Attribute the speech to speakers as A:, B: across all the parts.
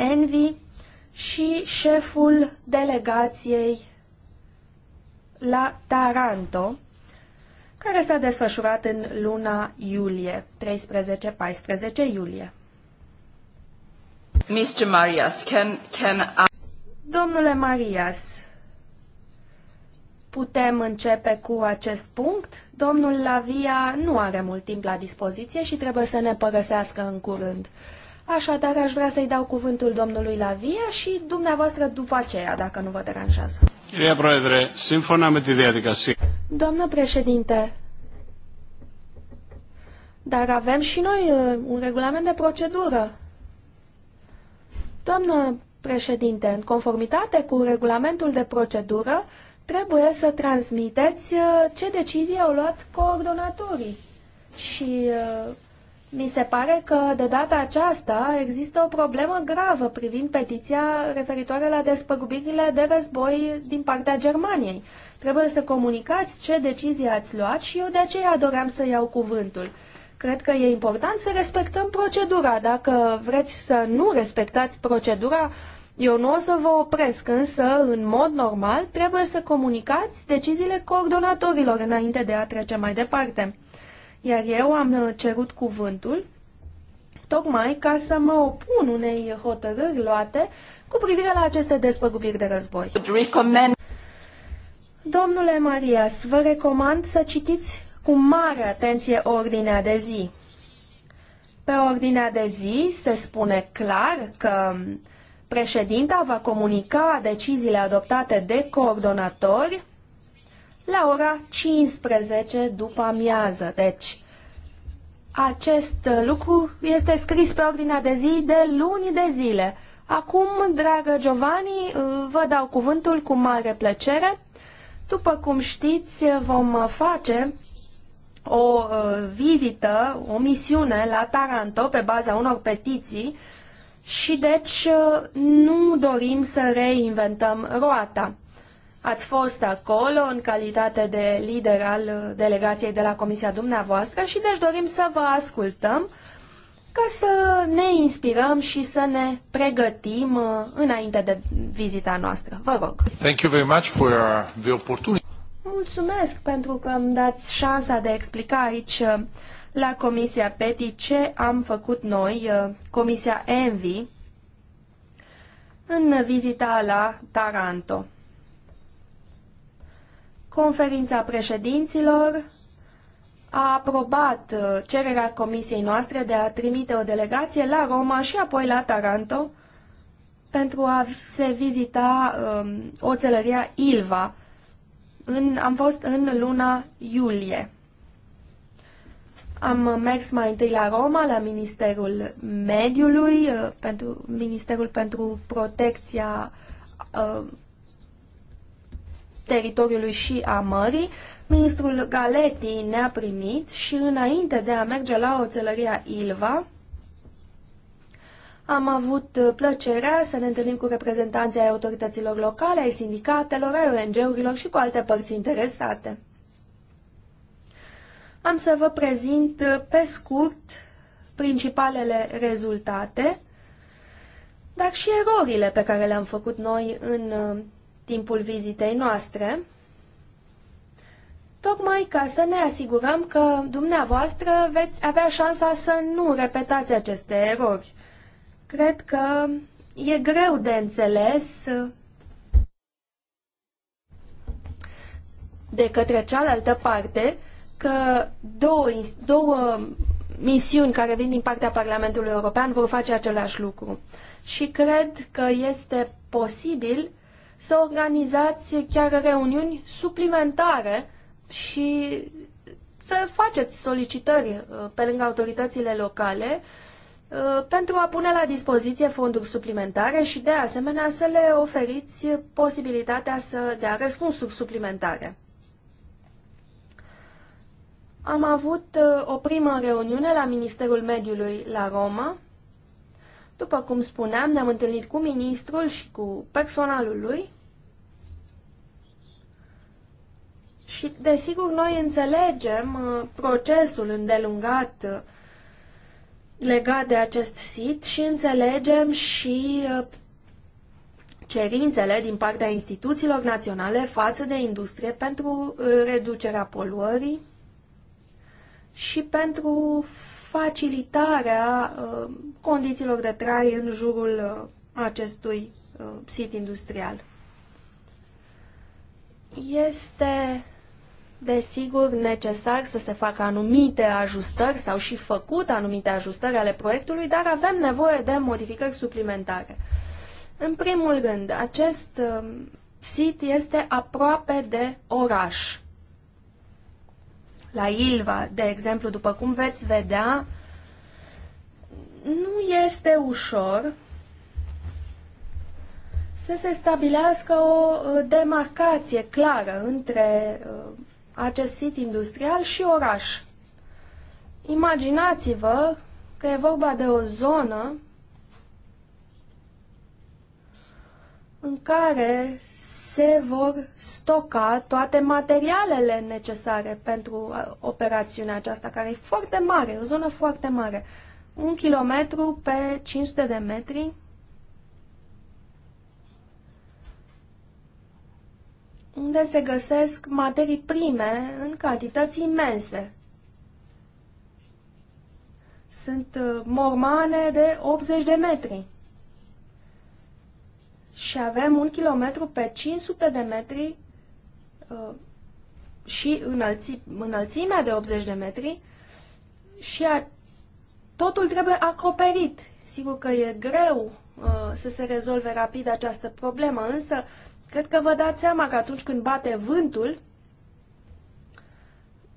A: Envi și șeful delegației la Taranto, care s-a desfășurat în luna iulie, 13-14 iulie.
B: Mr. Marias, can, can I... Domnule
A: Marias, putem începe cu acest punct? Domnul Lavia nu are mult timp la dispoziție și trebuie să ne părăsească în curând. Așadar, aș vrea să-i dau cuvântul domnului Lavia și dumneavoastră după aceea, dacă nu vă deranjează. Doamnă președinte, dar avem și noi uh, un regulament de procedură. Doamnă președinte, în conformitate cu regulamentul de procedură, trebuie să transmiteți uh, ce decizie au luat coordonatorii. Și uh, mi se pare că de data aceasta există o problemă gravă privind petiția referitoare la despăgubirile de război din partea Germaniei. Trebuie să comunicați ce decizie ați luat și eu de aceea doream să iau cuvântul. Cred că e important să respectăm procedura. Dacă vreți să nu respectați procedura, eu nu o să vă opresc, însă, în mod normal, trebuie să comunicați deciziile coordonatorilor înainte de a trece mai departe. Iar eu am uh, cerut cuvântul tocmai ca să mă opun unei hotărâri luate cu privire la aceste despăgubiri de război. Domnule Marias, vă recomand să citiți cu mare atenție ordinea de zi. Pe ordinea de zi se spune clar că președinta va comunica deciziile adoptate de coordonatori la ora 15 după amiază. Deci, acest lucru este scris pe ordinea de zi de luni de zile. Acum, dragă Giovanni, vă dau cuvântul cu mare plăcere. După cum știți, vom face o uh, vizită, o misiune la Taranto pe baza unor petiții și deci uh, nu dorim să reinventăm roata. Ați fost acolo în calitate de lider al delegației de la Comisia dumneavoastră și deci dorim să vă ascultăm ca să ne inspirăm și să ne pregătim uh, înainte de vizita noastră. Vă rog.
C: Thank you very much for uh, the opportunity.
A: Mulțumesc pentru că îmi dați șansa de a explica aici uh, la Comisia PETI ce am făcut noi, Comisia ENVI, în vizita la Taranto. Conferința președinților a aprobat uh, cererea comisiei noastre de a trimite o delegație la Roma și apoi la Taranto pentru a se vizita um, oțelăria Ilva. În, am fost în luna iulie. Am mers mai întâi la Roma, la Ministerul Mediului, uh, pentru, Ministerul pentru Protecția uh, teritoriului și a mării. Ministrul Galeti ne-a primit și înainte de a merge la oțelăria Ilva, am avut plăcerea să ne întâlnim cu reprezentanții ai autorităților locale, ai sindicatelor, ai ONG-urilor și cu alte părți interesate. Am să vă prezint pe scurt principalele rezultate, dar și erorile pe care le-am făcut noi în timpul vizitei noastre, tocmai ca să ne asigurăm că dumneavoastră veți avea șansa să nu repetați aceste erori. Cred că e greu de înțeles de către cealaltă parte că două, două misiuni care vin din partea Parlamentului European vor face același lucru. Și cred că este posibil să organizați chiar reuniuni suplimentare și să faceți solicitări uh, pe lângă autoritățile locale uh, pentru a pune la dispoziție fonduri suplimentare și de asemenea să le oferiți posibilitatea să dea răspunsuri suplimentare. Am avut uh, o primă reuniune la Ministerul Mediului la Roma după cum spuneam, ne-am întâlnit cu ministrul și cu personalul lui și, desigur, noi înțelegem uh, procesul îndelungat uh, legat de acest sit și înțelegem și uh, cerințele din partea instituțiilor naționale față de industrie pentru reducerea poluării și pentru facilitarea uh, condițiilor de trai în jurul uh, acestui uh, sit industrial. Este, desigur, necesar să se facă anumite ajustări, sau și făcut anumite ajustări ale proiectului, dar avem nevoie de modificări suplimentare. În primul rând, acest sit este aproape de oraș la Ilva, de exemplu, după cum veți vedea, nu este ușor să se stabilească o uh, demarcație clară între uh, acest sit industrial și oraș. Imaginați-vă că e vorba de o zonă în care se vor stoca toate materialele necesare pentru uh, operațiunea aceasta, care e foarte mare, o zonă foarte mare. Un kilometru pe 500 de metri. unde se găsesc materii prime în cantități imense. Sunt uh, mormane de 80 de metri și avem un kilometru pe 500 de metri uh, și înălți, înălțimea de 80 de metri și a, totul trebuie acoperit. Sigur că e greu uh, să se rezolve rapid această problemă, însă cred că vă dați seama că atunci când bate vântul,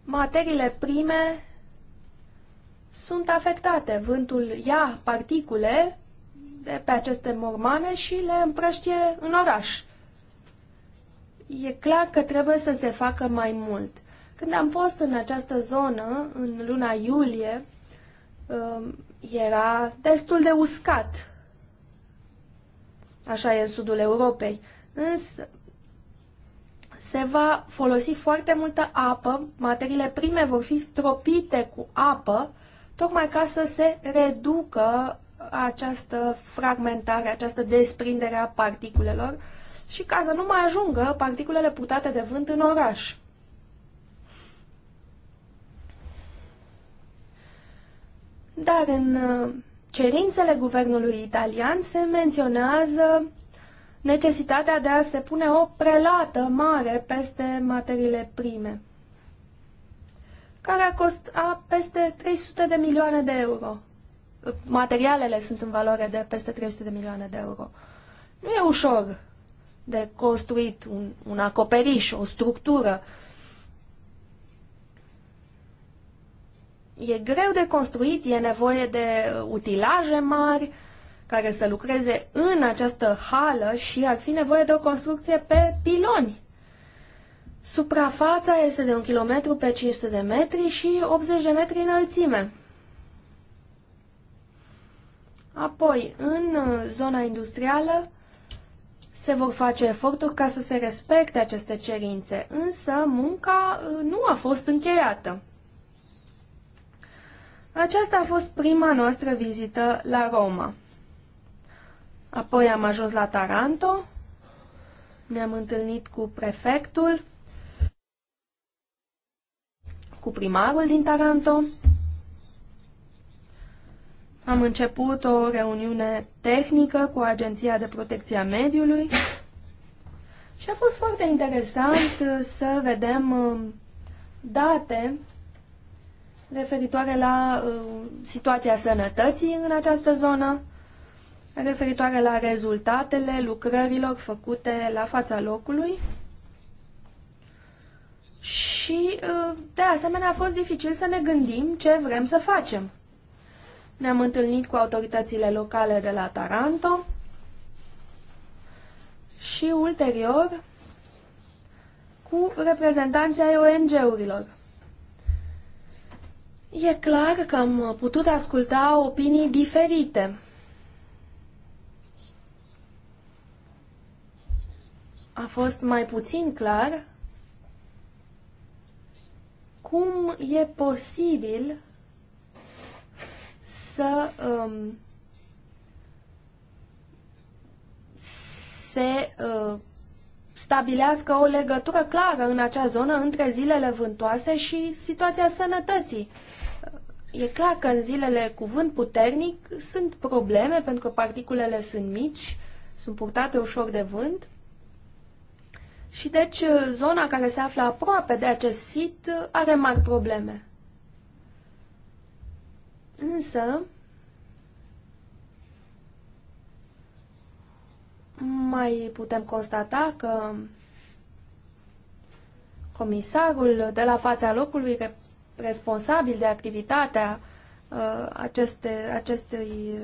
A: materiile prime sunt afectate. Vântul ia particule de pe aceste mormane și le împrăștie în oraș. E clar că trebuie să se facă mai mult. Când am fost în această zonă, în luna iulie, um, era destul de uscat. Așa e în sudul Europei. Însă se va folosi foarte multă apă, materiile prime vor fi stropite cu apă, tocmai ca să se reducă această fragmentare, această desprindere a particulelor și ca să nu mai ajungă particulele putate de vânt în oraș. Dar în uh, cerințele guvernului italian se menționează necesitatea de a se pune o prelată mare peste materiile prime, care a costat peste 300 de milioane de euro materialele sunt în valoare de peste 300 de milioane de euro. Nu e ușor de construit un, un acoperiș, o structură. E greu de construit, e nevoie de utilaje mari care să lucreze în această hală și ar fi nevoie de o construcție pe piloni. Suprafața este de un kilometru pe 500 de metri și 80 de metri înălțime. Apoi, în uh, zona industrială se vor face eforturi ca să se respecte aceste cerințe, însă munca uh, nu a fost încheiată. Aceasta a fost prima noastră vizită la Roma. Apoi am ajuns la Taranto, ne-am întâlnit cu prefectul, cu primarul din Taranto am început o reuniune tehnică cu Agenția de Protecție a Mediului și a fost foarte interesant uh, să vedem uh, date referitoare la uh, situația sănătății în această zonă, referitoare la rezultatele lucrărilor făcute la fața locului și, de asemenea, a fost dificil să ne gândim ce vrem să facem. Ne-am întâlnit cu autoritățile locale de la Taranto și ulterior cu reprezentanții ai ONG-urilor. E clar că am putut asculta opinii diferite. A fost mai puțin clar cum e posibil să um, se uh, stabilească o legătură clară în acea zonă între zilele vântoase și situația sănătății. E clar că în zilele cu vânt puternic sunt probleme pentru că particulele sunt mici, sunt purtate ușor de vânt și deci uh, zona care se află aproape de acest sit uh, are mari probleme. Însă, mai putem constata că comisarul de la fața locului responsabil de activitatea uh, aceste, acestei uh,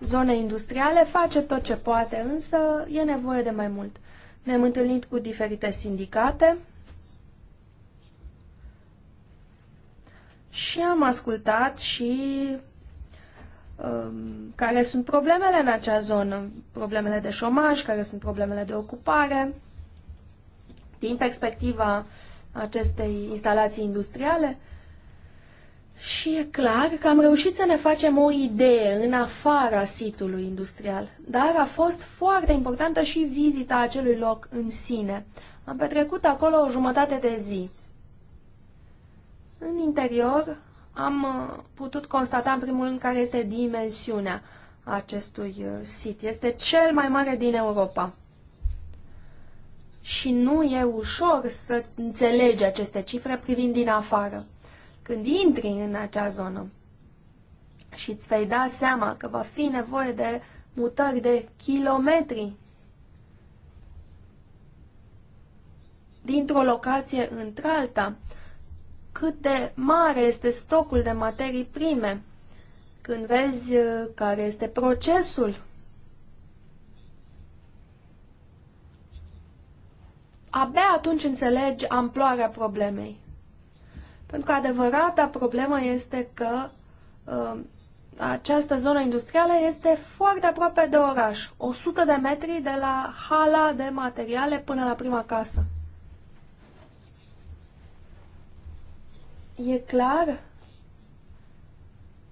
A: zone industriale face tot ce poate, însă e nevoie de mai mult. Ne-am întâlnit cu diferite sindicate, și am ascultat și um, care sunt problemele în acea zonă, problemele de șomaj, care sunt problemele de ocupare. Din perspectiva acestei instalații industriale, și e clar că am reușit să ne facem o idee în afara sitului industrial, dar a fost foarte importantă și vizita acelui loc în sine. Am petrecut acolo o jumătate de zi în interior am uh, putut constata în primul rând care este dimensiunea acestui uh, sit. Este cel mai mare din Europa. Și nu e ușor să înțelegi aceste cifre privind din afară. Când intri în acea zonă și îți vei da seama că va fi nevoie de mutări de kilometri dintr-o locație într-alta, cât de mare este stocul de materii prime, când vezi uh, care este procesul abia atunci înțelegi amploarea problemei. Pentru că adevărata problemă este că uh, această zonă industrială este foarte aproape de oraș, 100 de metri de la hala de materiale până la prima casă. E clar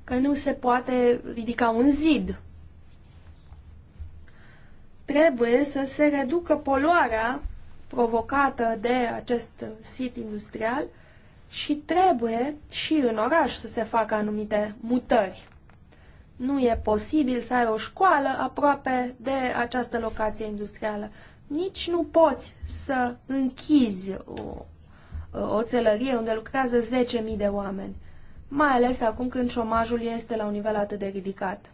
A: că nu se poate ridica un zid. Trebuie să se reducă poluarea provocată de acest sit industrial și trebuie și în oraș să se facă anumite mutări. Nu e posibil să ai o școală aproape de această locație industrială. Nici nu poți să închizi o Uh, oțelărie unde lucrează 10.000 de oameni, mai ales acum când șomajul este la un nivel atât de ridicat.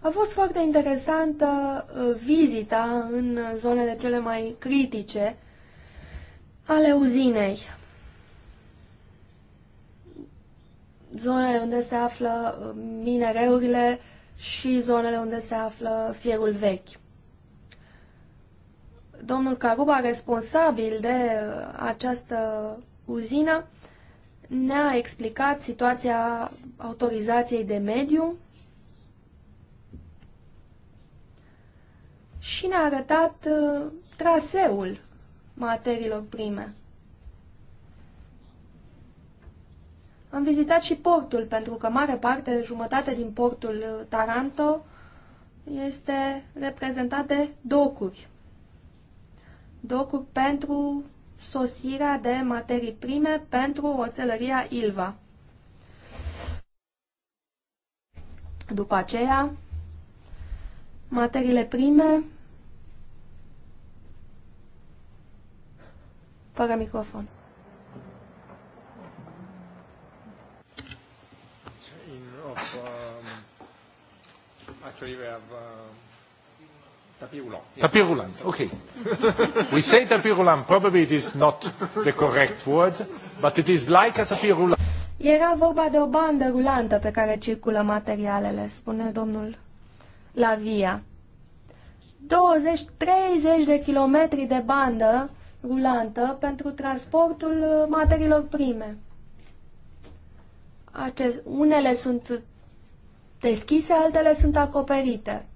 A: A fost foarte interesantă uh, vizita în zonele cele mai critice ale uzinei. Zonele unde se află uh, minereurile și zonele unde se află fierul vechi domnul Caruba, responsabil de această uzină, ne-a explicat situația autorizației de mediu și ne-a arătat uh, traseul materiilor prime. Am vizitat și portul, pentru că mare parte, jumătate din portul uh, Taranto este reprezentat de docuri docuri pentru sosirea de materii prime pentru oțelăria Ilva. După aceea, materiile prime fără microfon. of, um, actually we have uh,
C: Tapis roulant. okay. we say tapis probably it is not the correct word, but it is like a tapis
A: Era vorba de o bandă rulantă pe care circulă materialele, spune domnul Lavia. 20-30 de kilometri de bandă rulantă pentru transportul uh, materiilor prime. Acest, unele sunt deschise, altele sunt acoperite.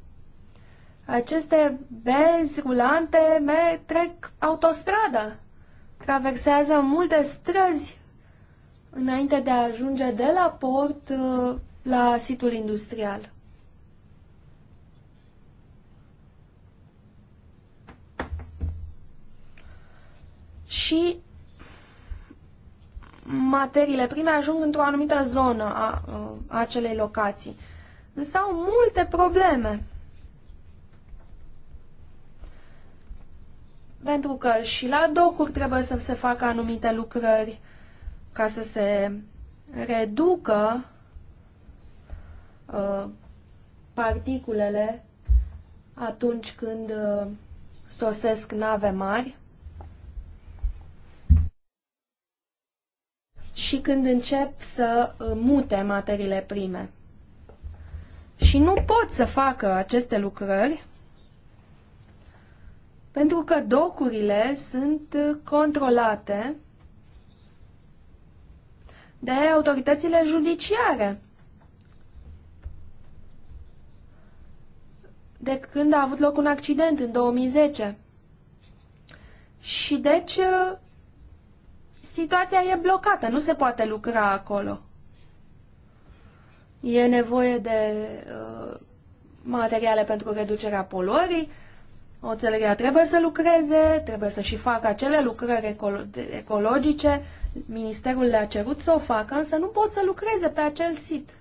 A: Aceste benzi rulante me trec autostrada, traversează multe străzi înainte de a ajunge de la port uh, la situl industrial. Și materiile prime ajung într-o anumită zonă a, a uh, acelei locații. Însă au multe probleme. pentru că și la docuri trebuie să se facă anumite lucrări ca să se reducă uh, particulele atunci când uh, sosesc nave mari și când încep să uh, mute materiile prime. Și nu pot să facă aceste lucrări pentru că docurile sunt controlate de autoritățile judiciare. De când a avut loc un accident în 2010. Și deci situația e blocată, nu se poate lucra acolo. E nevoie de uh, materiale pentru reducerea poluării, Oțelăria trebuie să lucreze, trebuie să și facă acele lucrări ecologice. Ministerul le-a cerut să o facă, însă nu pot să lucreze pe acel sit.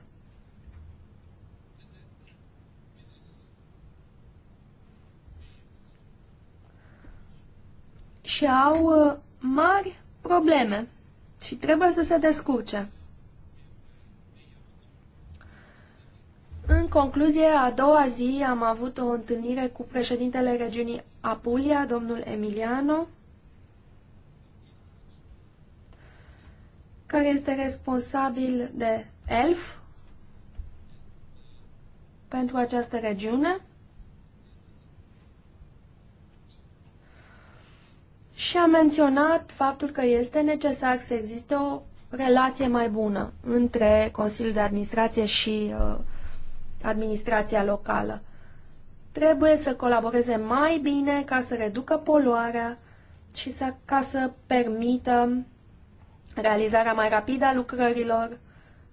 A: Și au uh, mari probleme și trebuie să se descurce. În concluzie, a doua zi am avut o întâlnire cu președintele regiunii Apulia, domnul Emiliano, care este responsabil de ELF pentru această regiune. Și a menționat faptul că este necesar să existe o relație mai bună între Consiliul de Administrație și uh, administrația locală. Trebuie să colaboreze mai bine ca să reducă poluarea și să, ca să permită realizarea mai rapidă a lucrărilor,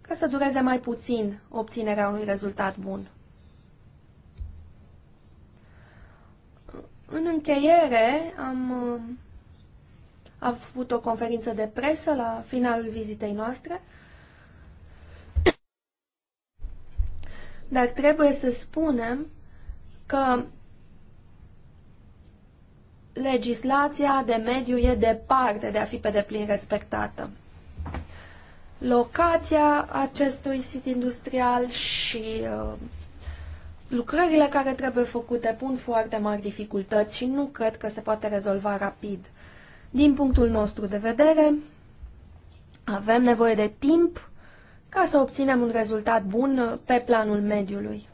A: ca să dureze mai puțin obținerea unui rezultat bun. În încheiere, am uh, avut o conferință de presă la finalul vizitei noastre dar trebuie să spunem că legislația de mediu e departe de a fi pe deplin respectată. Locația acestui sit industrial și uh, lucrările care trebuie făcute pun foarte mari dificultăți și nu cred că se poate rezolva rapid. Din punctul nostru de vedere, avem nevoie de timp ca să obținem un rezultat bun pe planul mediului.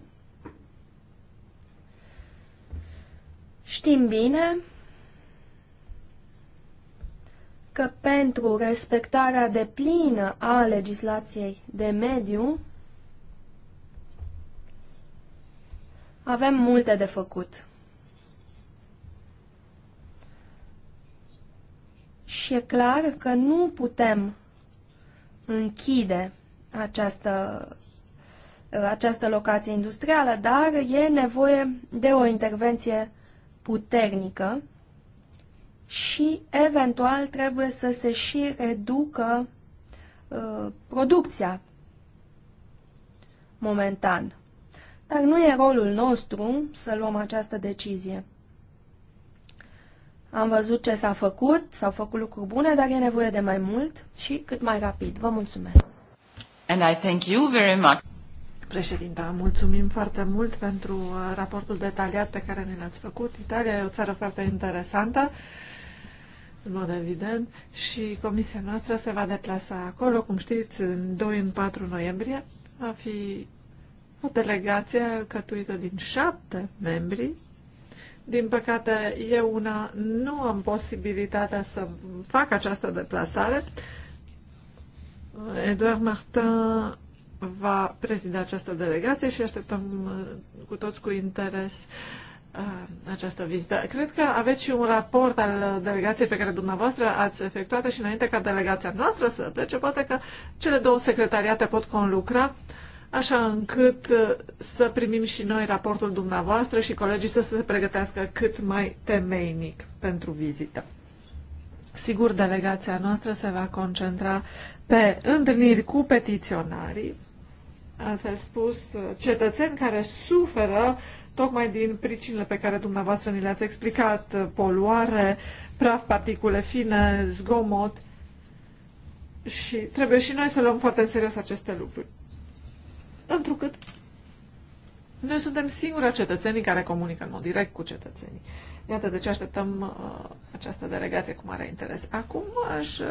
A: Știm bine că pentru respectarea deplină a legislației de mediu avem multe de făcut. Și e clar că nu putem închide această, această locație industrială, dar e nevoie de o intervenție puternică și eventual trebuie să se și reducă uh, producția momentan. Dar nu e rolul nostru să luăm această decizie. Am văzut ce s-a făcut, s-au făcut lucruri bune, dar e nevoie de mai mult și cât mai rapid. Vă mulțumesc!
C: And I thank you very much. Președinta, mulțumim foarte mult pentru uh, raportul detaliat pe care ne l-ați făcut. Italia e o țară foarte interesantă, în mod evident, și comisia noastră se va deplasa acolo, cum știți, în 2 în 4 noiembrie. Va fi o delegație alcătuită din șapte membri. Din păcate, eu una nu am posibilitatea să fac această deplasare, Eduard Martin va prezida această delegație și așteptăm uh, cu toți cu interes uh, această vizită. Cred că aveți și un raport al delegației pe care dumneavoastră ați efectuat și înainte ca delegația noastră să plece, poate că cele două secretariate pot conlucra așa încât uh, să primim și noi raportul dumneavoastră și colegii să se pregătească cât mai temeinic pentru vizită. Sigur, delegația noastră se va concentra pe întâlniri cu petiționarii, altfel spus, cetățeni care suferă tocmai din pricinile pe care dumneavoastră ni le-ați explicat, poluare, praf, particule fine, zgomot, și trebuie și noi să luăm foarte în serios aceste lucruri. Întrucât noi suntem singura cetățenii care comunică în mod direct cu cetățenii. Iată de ce așteptăm uh, această delegație cu mare interes. Acum aș uh,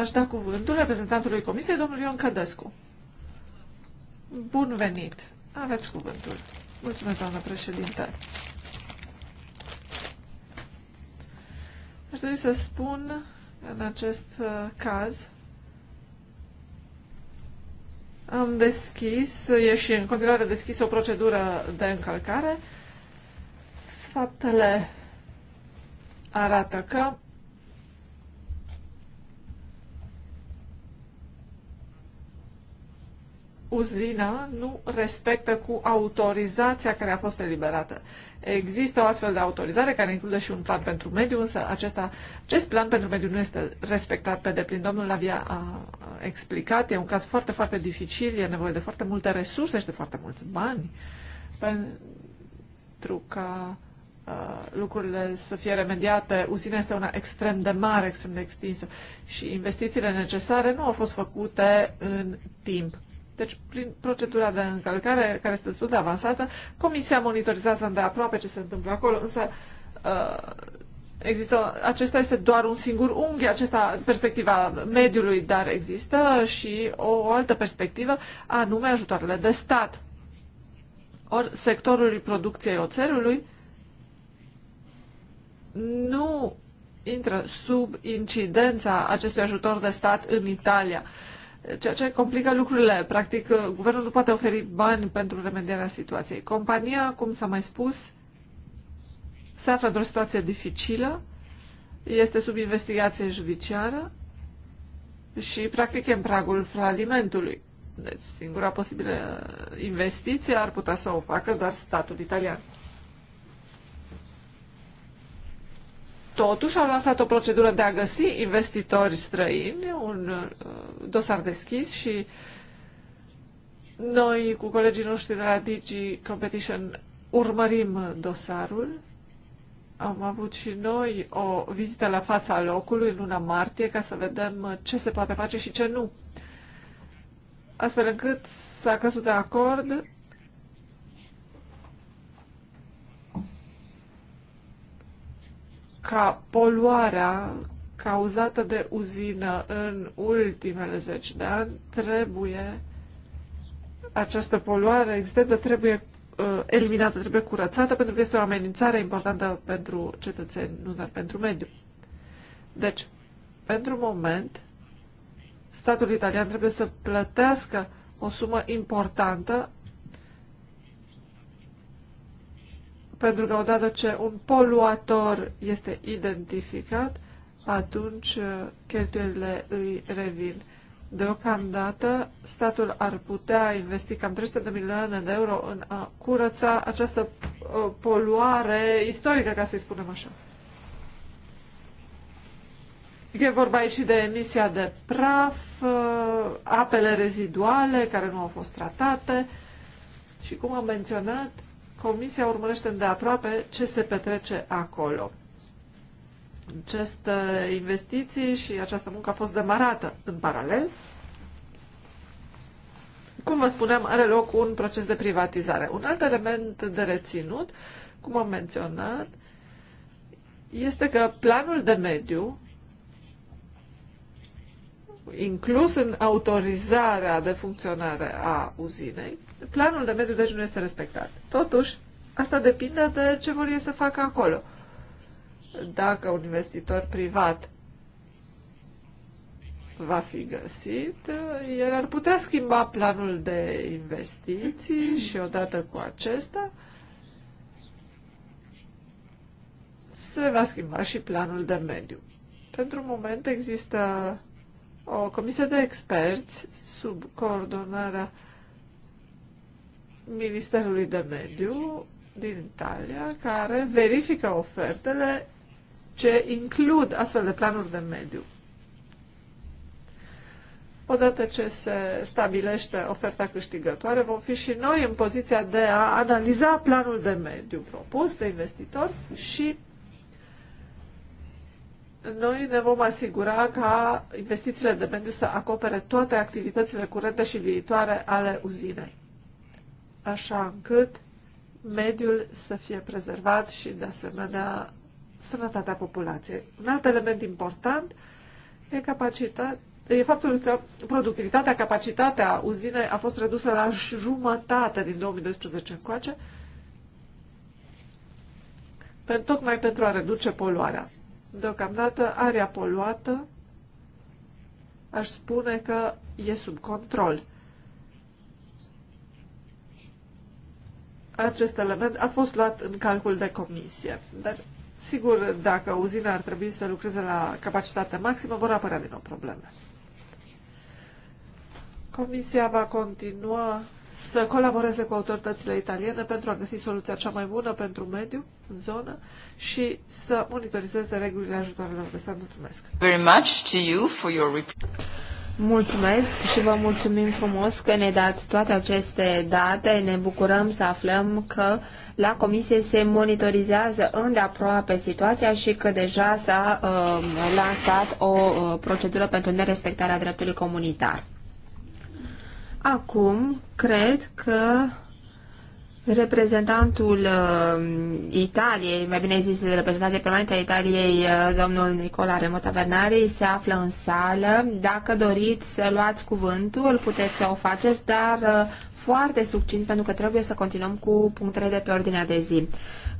C: Aș da cuvântul reprezentantului Comisiei, domnul Ion Cădescu. Bun venit! Aveți cuvântul. Mulțumesc, doamnă președinte. Aș dori să spun în acest uh, caz am deschis, e și în continuare deschis o procedură de încălcare. Faptele arată că uzină nu respectă cu autorizația care a fost eliberată. Există o astfel de autorizare care include și un plan pentru mediu, însă acesta, acest plan pentru mediu nu este respectat pe deplin. Domnul Lavia a explicat, e un caz foarte, foarte dificil, e nevoie de foarte multe resurse și de foarte mulți bani pentru ca uh, lucrurile să fie remediate. Uzina este una extrem de mare, extrem de extinsă și investițiile necesare nu au fost făcute în timp. Deci, prin procedura de încălcare, care este destul de avansată, Comisia monitorizează îndeaproape ce se întâmplă acolo, însă uh, există, acesta este doar un singur unghi, acesta perspectiva mediului, dar există și o altă perspectivă, anume ajutoarele de stat. Ori sectorul producției oțelului nu intră sub incidența acestui ajutor de stat în Italia. Uh, ceea ce complică lucrurile. Practic, uh, guvernul nu poate oferi bani pentru remedierea situației. Compania, cum s-a mai spus, se află într-o situație dificilă, este sub investigație judiciară și, practic, e în pragul falimentului. Deci, singura posibilă investiție ar putea să o facă doar statul italian. Totuși a lansat o procedură de a găsi investitori străini, un uh, dosar deschis și noi cu colegii noștri de la Digi Competition urmărim dosarul. Am avut și noi o vizită la fața locului în luna martie ca să vedem ce se poate face și ce nu. Astfel încât s-a căzut de acord ca poluarea cauzată de uzină în ultimele zeci de ani trebuie această poluare existentă trebuie uh, eliminată, trebuie curățată pentru că este o amenințare importantă pentru cetățeni, nu doar pentru mediu. Deci, pentru moment, statul italian trebuie să plătească o sumă importantă pentru că odată ce un poluator este identificat, atunci uh, cheltuielile îi revin. Deocamdată, statul ar putea investi cam 300 de milioane de euro în a curăța această uh, poluare istorică, ca să-i spunem așa. E vorba aici și de emisia de praf, uh, apele reziduale care nu au fost tratate și, cum am menționat, Comisia urmărește îndeaproape ce se petrece acolo. Aceste investiții și această muncă a fost demarată în paralel. Cum vă spuneam, are loc un proces de privatizare. Un alt element de reținut, cum am menționat, este că planul de mediu inclus în autorizarea de funcționare a uzinei, planul de mediu deci nu este respectat. Totuși, asta depinde de ce vor ei să facă acolo. Dacă un investitor privat va fi găsit, el ar putea schimba planul de investiții și odată cu acesta se va schimba și planul de mediu. Pentru moment există o comisie de experți sub coordonarea uh, Ministerului de Mediu din Italia, care verifică ofertele ce includ astfel de planuri de mediu. Odată ce se stabilește oferta câștigătoare, vom fi și noi în poziția de a analiza planul de mediu propus de investitor și noi ne vom asigura ca investițiile de mediu să acopere toate activitățile curente și viitoare ale uzinei așa încât mediul să fie prezervat și, de asemenea, sănătatea populației. Un alt element important e, capacitatea, e faptul că productivitatea, capacitatea uzinei a fost redusă la jumătate din 2012 încoace, tocmai pentru a reduce poluarea. Deocamdată, area poluată aș spune că e sub control. acest element a fost luat în calcul de comisie. Dar, sigur, dacă uzina ar trebui să lucreze la capacitate maximă, vor apărea din nou probleme. Comisia va continua să colaboreze cu autoritățile italiene pentru a găsi soluția cea mai bună pentru mediu în zonă și să monitorizeze regulile ajutoarelor de stat. Mulțumesc!
B: Very much to you for your
C: Mulțumesc și vă
B: mulțumim frumos că ne dați toate aceste date. Ne bucurăm să aflăm că la comisie se monitorizează îndeaproape situația și că deja s-a uh, lansat o uh, procedură pentru nerespectarea dreptului comunitar. Acum, cred că Reprezentantul uh, Italiei, mai bine zis, reprezentanții permanente a Italiei, uh, domnul Nicola Remota Vernari, se află în sală. Dacă doriți să luați cuvântul, puteți să o faceți, dar uh, foarte succint, pentru că trebuie să continuăm cu punctele de pe ordinea de zi.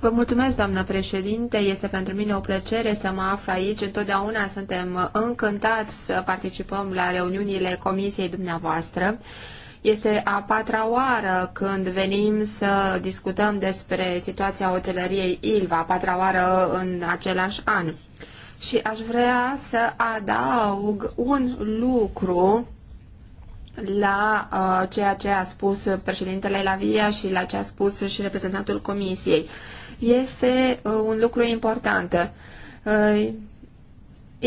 B: Vă mulțumesc, doamnă președinte, este pentru mine o plăcere să mă aflu aici. Întotdeauna suntem încântați să participăm la reuniunile comisiei dumneavoastră. Este a patra oară când venim să discutăm despre situația oțelăriei Ilva, a patra oară în același an. Și aș vrea să adaug un lucru la uh, ceea ce a spus președintele Lavia și la ce a spus și reprezentantul Comisiei. Este uh, un lucru important. Uh,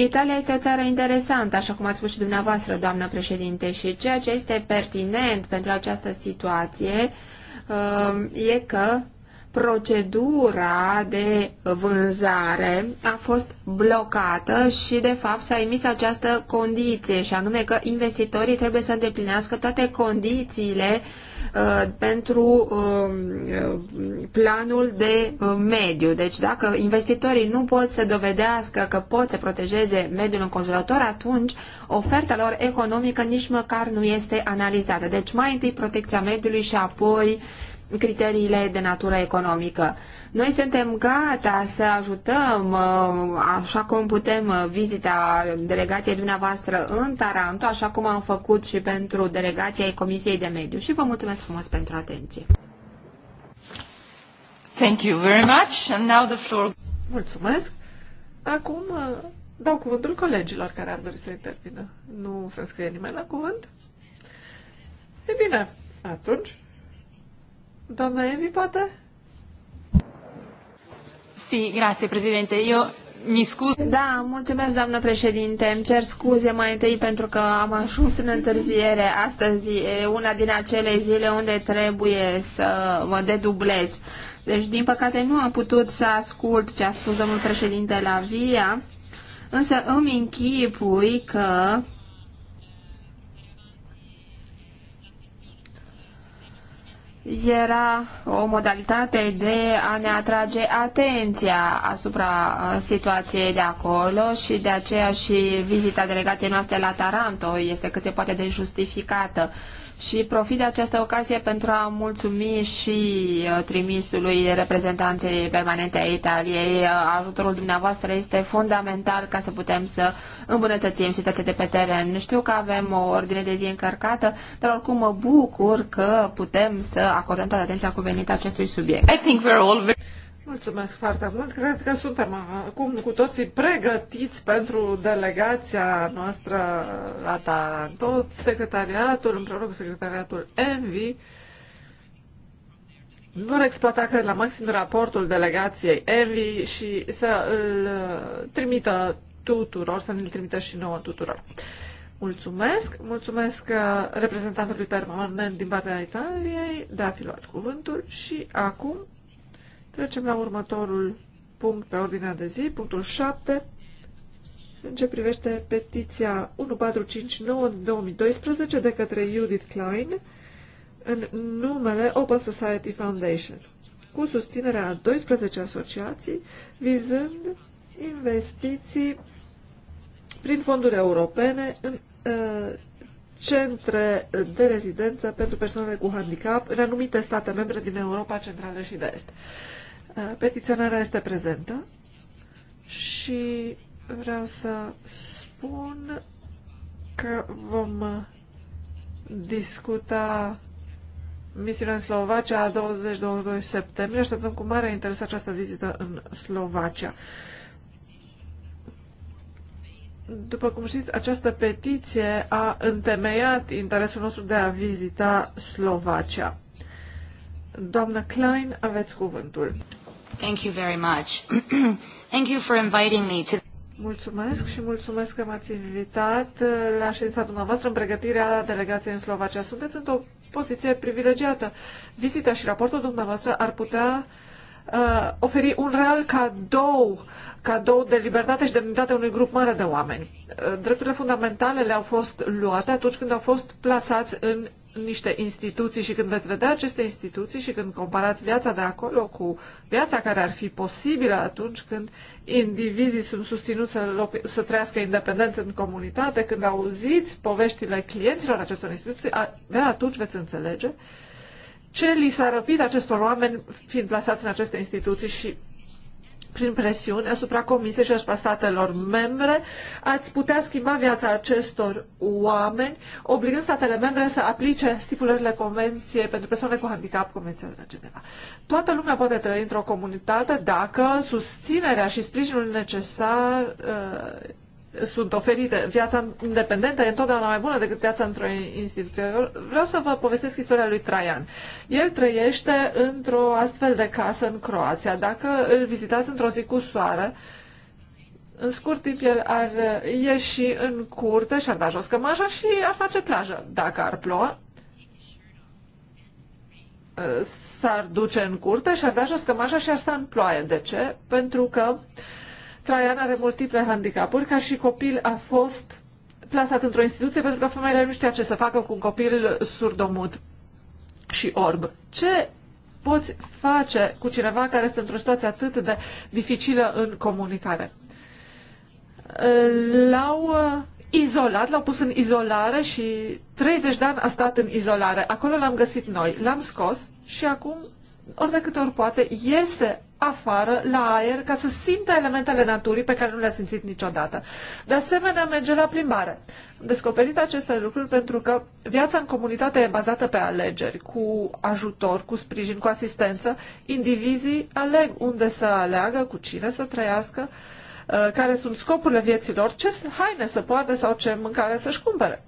B: Italia este o țară interesantă, așa cum ați spus și dumneavoastră, doamnă președinte, și ceea ce este pertinent pentru această situație um, e că procedura de vânzare a fost blocată și, de fapt, s-a emis această condiție, și anume că investitorii trebuie să îndeplinească toate condițiile uh, Uh, pentru um, uh, planul de uh, mediu. Deci dacă investitorii nu pot să dovedească că pot să protejeze mediul înconjurător, atunci oferta lor economică nici măcar nu este analizată. Deci mai întâi protecția mediului și apoi criteriile de natură economică. Noi suntem gata să ajutăm, uh, așa cum putem, uh, vizita delegației dumneavoastră în Taranto, așa cum am făcut și pentru delegația Comisiei de Mediu. Și vă mulțumesc frumos pentru atenție. Thank you very
C: much. And now the floor... Mulțumesc. Acum uh, dau cuvântul colegilor care ar dori să intervină. Nu se înscrie nimeni la cuvânt? E bine, atunci Doamna Evi, poate?
B: Si, grazie, președinte. Eu mi Da, mulțumesc, doamnă președinte. Îmi cer scuze mai întâi pentru că am ajuns în întârziere. Astăzi e una din acele zile unde trebuie să mă dedublez. Deci, din păcate, nu am putut să ascult ce a spus domnul președinte la VIA, însă îmi închipui că era o modalitate de a ne atrage atenția asupra uh, situației de acolo și de aceea și vizita delegației noastre la Taranto este cât se poate de justificată și profit de această ocazie pentru a mulțumi și uh, trimisului reprezentanței permanente a Italiei. Uh, ajutorul dumneavoastră este fundamental ca să putem să îmbunătățim situația de pe teren. Știu că avem o ordine de zi încărcată, dar oricum mă bucur că putem să acordăm toată atenția cuvenită acestui subiect. I think we're all
C: very... Mulțumesc foarte mult. Cred că suntem acum cu toții pregătiți pentru delegația noastră la Taranto. Secretariatul, împreună cu secretariatul Envi, vor exploata, cred, la maxim raportul delegației Envi și să îl trimită tuturor, să ne-l trimită și nouă tuturor. Mulțumesc, mulțumesc uh, reprezentantului permanent din partea Italiei de a fi luat cuvântul și acum Trecem la următorul punct pe ordinea de zi, punctul 7, în ce privește petiția 1459 2012 de către Judith Klein în numele Open Society Foundations, cu susținerea a 12 asociații, vizând investiții prin fonduri europene în uh, centre de rezidență pentru persoanele cu handicap în anumite state membre din Europa Centrală și de Est. Uh, petiționarea este prezentă și vreau să spun că vom discuta misiunea în Slovacia 20-22 septembrie. Așteptăm cu mare interes această vizită în Slovacia. După cum știți, această petiție a întemeiat interesul nostru de a vizita Slovacia. Doamnă Klein, aveți cuvântul. Thank you very much. Thank you for inviting me to Mulțumesc și mulțumesc că m-ați invitat uh, la ședința dumneavoastră în pregătirea delegației în Slovacia. Sunteți într-o poziție privilegiată. Vizita și raportul dumneavoastră ar putea uh, oferi un real cadou, cadou de libertate și demnitate unui grup mare de oameni. Uh, drepturile fundamentale le-au fost luate atunci când au fost plasați în niște instituții și când veți vedea aceste instituții și când comparați viața de acolo cu viața care ar fi posibilă atunci când indivizii sunt susținuți să, să trăiască independență în comunitate, când auziți poveștile clienților acestor instituții, abia atunci veți înțelege ce li s-a răpit acestor oameni fiind plasați în aceste instituții și prin presiuni asupra Comisiei și asupra statelor membre, ați putea schimba viața acestor oameni, obligând statele membre să aplice stipulările Convenției pentru persoane cu handicap, Convenția de la Geneva. Toată lumea poate trăi într-o comunitate dacă susținerea și sprijinul necesar uh, sunt oferite. Viața independentă e întotdeauna mai bună decât viața într-o instituție. Eu vreau să vă povestesc istoria lui Traian. El trăiește într-o astfel de casă în Croația. Dacă îl vizitați într-o zi cu soare, în scurt timp el ar ieși în curte și ar da jos cămașa și ar face plajă. Dacă ar ploua, s-ar duce în curte și ar da jos cămașa și ar sta în ploaie. De ce? Pentru că uh, Traian are multiple handicapuri, ca și copil a fost plasat într-o instituție pentru că femeile nu știa ce să facă cu un copil surdomut și orb. Ce poți face cu cineva care este într-o situație atât de dificilă în comunicare? L-au uh, izolat, l-au pus în izolare și 30 de ani a stat în izolare. Acolo l-am găsit noi, l-am scos și acum, ori de câte ori poate, iese afară, la aer, ca să simtă elementele naturii pe care nu le-a simțit niciodată. De asemenea, merge la plimbare. Am descoperit aceste lucruri pentru că viața în comunitate e bazată pe alegeri, cu ajutor, cu sprijin, cu asistență. Indivizii aleg unde să aleagă, cu cine să trăiască, uh, care sunt scopurile vieților, ce haine să poartă sau ce mâncare să-și cumpere.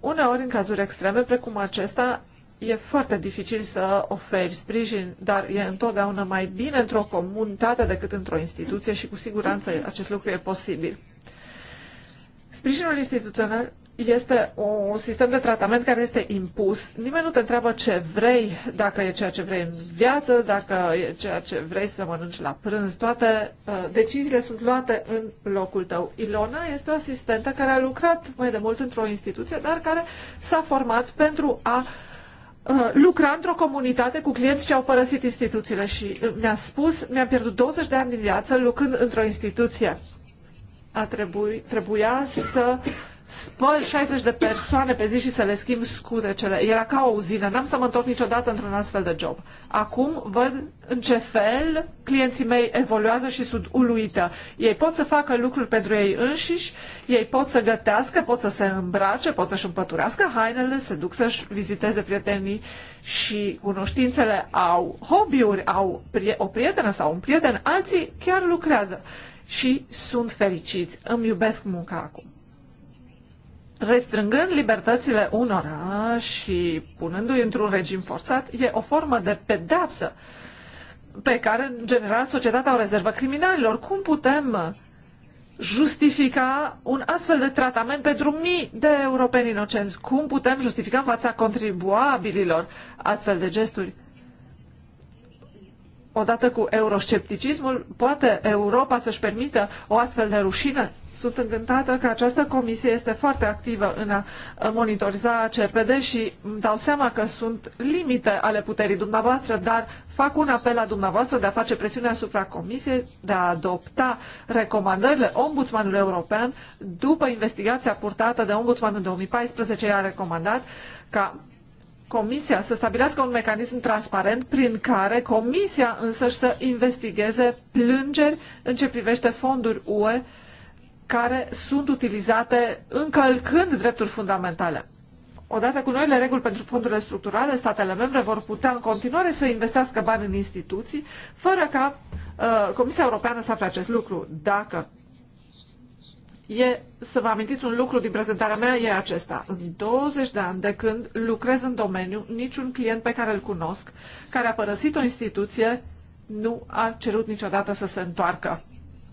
C: Uneori, în cazuri extreme, precum acesta, e foarte dificil să oferi sprijin, dar e întotdeauna mai bine într-o comunitate decât într-o instituție și cu siguranță acest lucru e posibil. Sprijinul instituțional este un sistem de tratament care este impus. Nimeni nu te întreabă ce vrei, dacă e ceea ce vrei în viață, dacă e ceea ce vrei să mănânci la prânz. Toate uh, deciziile sunt luate în locul tău. Ilona este o asistentă care a lucrat mai de mult într-o instituție, dar care s-a format pentru a uh, Uh, lucra într-o comunitate cu clienți ce au părăsit instituțiile și uh, mi-a spus, mi-am pierdut 20 de ani din viață lucrând într-o instituție. A trebui, trebuia să spăl 60 de persoane pe zi și să le schimb scutecele. Era ca o uzină. N-am să mă întorc niciodată într-un astfel de job. Acum văd în ce fel clienții mei evoluează și sunt uluită. Ei pot să facă lucruri pentru ei înșiși, ei pot să gătească, pot să se îmbrace, pot să-și împăturească hainele, se duc să-și viziteze prietenii și cunoștințele au hobby-uri, au o prietenă sau un prieten, alții chiar lucrează și sunt fericiți. Îmi iubesc munca acum restrângând libertățile unora și punându-i într-un regim forțat, e o formă de pedeapsă pe care, în general, societatea o rezervă criminalilor. Cum putem justifica un astfel de tratament pentru mii de europeni inocenți? Cum putem justifica în fața contribuabililor astfel de gesturi? Odată cu euroscepticismul, poate Europa să-și permită o astfel de rușină? Sunt încântată că această comisie este foarte activă în a monitoriza CPD și îmi dau seama că sunt limite ale puterii dumneavoastră, dar fac un apel la dumneavoastră de a face presiune asupra comisiei, de a adopta recomandările Ombudsmanului European după investigația purtată de Ombudsman în 2014, i-a recomandat ca Comisia să stabilească un mecanism transparent prin care Comisia însăși să investigheze plângeri în ce privește fonduri UE care sunt utilizate încălcând drepturi fundamentale. Odată cu noile reguli pentru fondurile structurale, statele membre vor putea în continuare să investească bani în instituții, fără ca uh, Comisia Europeană să afle acest lucru. Dacă e, să vă amintiți un lucru din prezentarea mea, e acesta. În 20 de ani de când lucrez în domeniu, niciun client pe care îl cunosc, care a părăsit o instituție, nu a cerut niciodată să se întoarcă.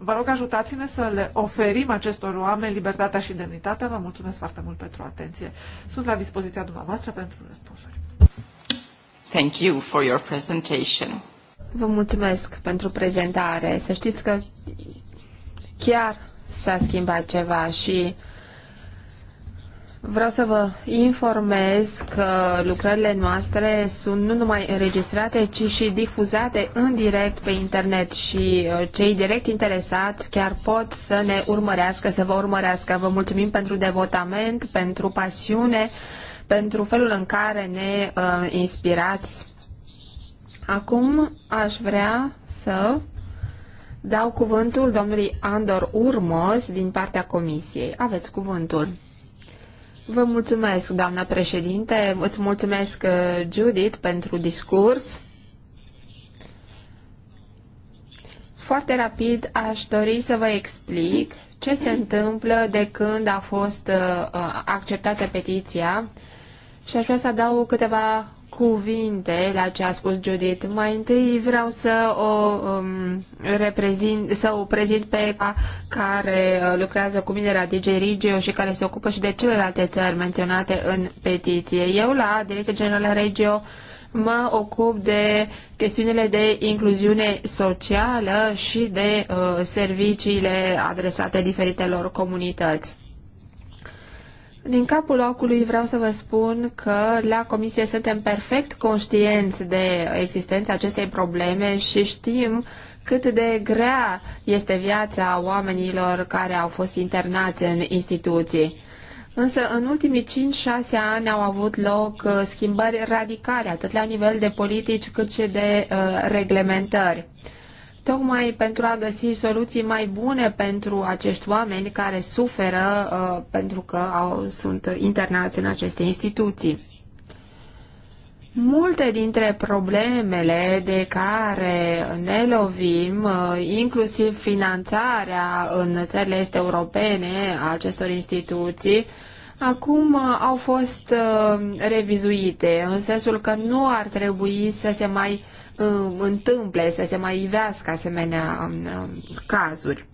C: Vă rog, ajutați-ne să le oferim acestor oameni libertatea și demnitatea. Vă mulțumesc foarte mult pentru atenție. Sunt la dispoziția dumneavoastră pentru răspunsuri.
B: Thank you for your presentation. Vă mulțumesc pentru prezentare. Să știți că chiar s-a schimbat ceva și Vreau să vă informez că lucrările noastre sunt nu numai înregistrate, ci și difuzate în direct pe internet și uh, cei direct interesați chiar pot să ne urmărească, să vă urmărească. Vă mulțumim pentru devotament, pentru pasiune, pentru felul în care ne uh, inspirați. Acum aș vrea să dau cuvântul domnului Andor Urmos din partea comisiei. Aveți cuvântul. Vă mulțumesc, doamna președinte, îți mulțumesc, uh, Judith, pentru discurs. Foarte rapid aș dori să vă explic ce se întâmplă de când a fost uh, uh, acceptată petiția și aș vrea să adaug câteva cuvinte la ce a spus Judith. Mai întâi vreau să o um, reprezint, să o prezint pe Eva care uh, lucrează cu mine la Regio și care se ocupă și de celelalte țări menționate în petiție. Eu la Direcția Generală Regio mă ocup de chestiunile de incluziune socială și de uh, serviciile adresate diferitelor comunități. Din capul locului vreau să vă spun că la Comisie suntem perfect conștienți de existența acestei probleme și știm cât de grea este viața oamenilor care au fost internați în instituții. Însă în ultimii 5-6 ani au avut loc uh, schimbări radicale, atât la nivel de politici cât și de uh, reglementări tocmai pentru a găsi soluții mai bune pentru acești oameni care suferă uh, pentru că au, sunt internați în aceste instituții. Multe dintre problemele de care ne lovim, uh, inclusiv finanțarea în țările este europene a acestor instituții, acum uh, au fost uh, revizuite, în sensul că nu ar trebui să se mai uh, Uh, întâmple, să se mai ivească asemenea um, um, cazuri.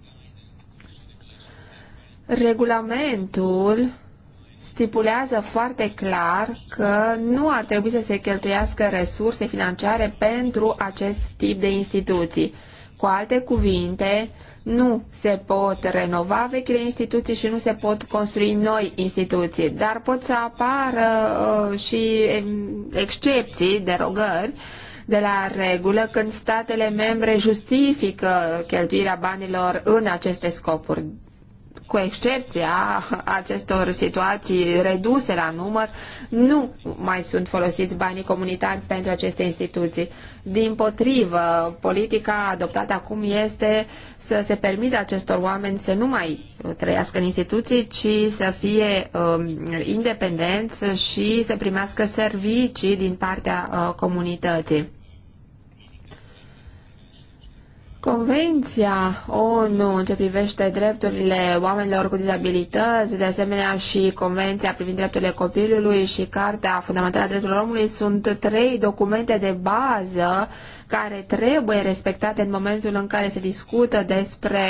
B: Regulamentul stipulează foarte clar că nu ar trebui să se cheltuiască resurse financiare pentru acest tip de instituții. Cu alte cuvinte, nu se pot renova vechile instituții și nu se pot construi noi instituții, dar pot să apară uh, și um, excepții, derogări, uh, de la regulă când statele membre justifică cheltuirea banilor în aceste scopuri cu excepția acestor situații reduse la număr, nu mai sunt folosiți banii comunitari pentru aceste instituții. Din potrivă, politica adoptată acum este să se permită acestor oameni să nu mai trăiască în instituții, ci să fie um, independenți și să primească servicii din partea uh, comunității. Convenția ONU în ce privește drepturile oamenilor cu dizabilități, de asemenea și Convenția privind drepturile copilului și Cartea Fundamentală a Drepturilor Omului sunt trei documente de bază care trebuie respectate în momentul în care se discută despre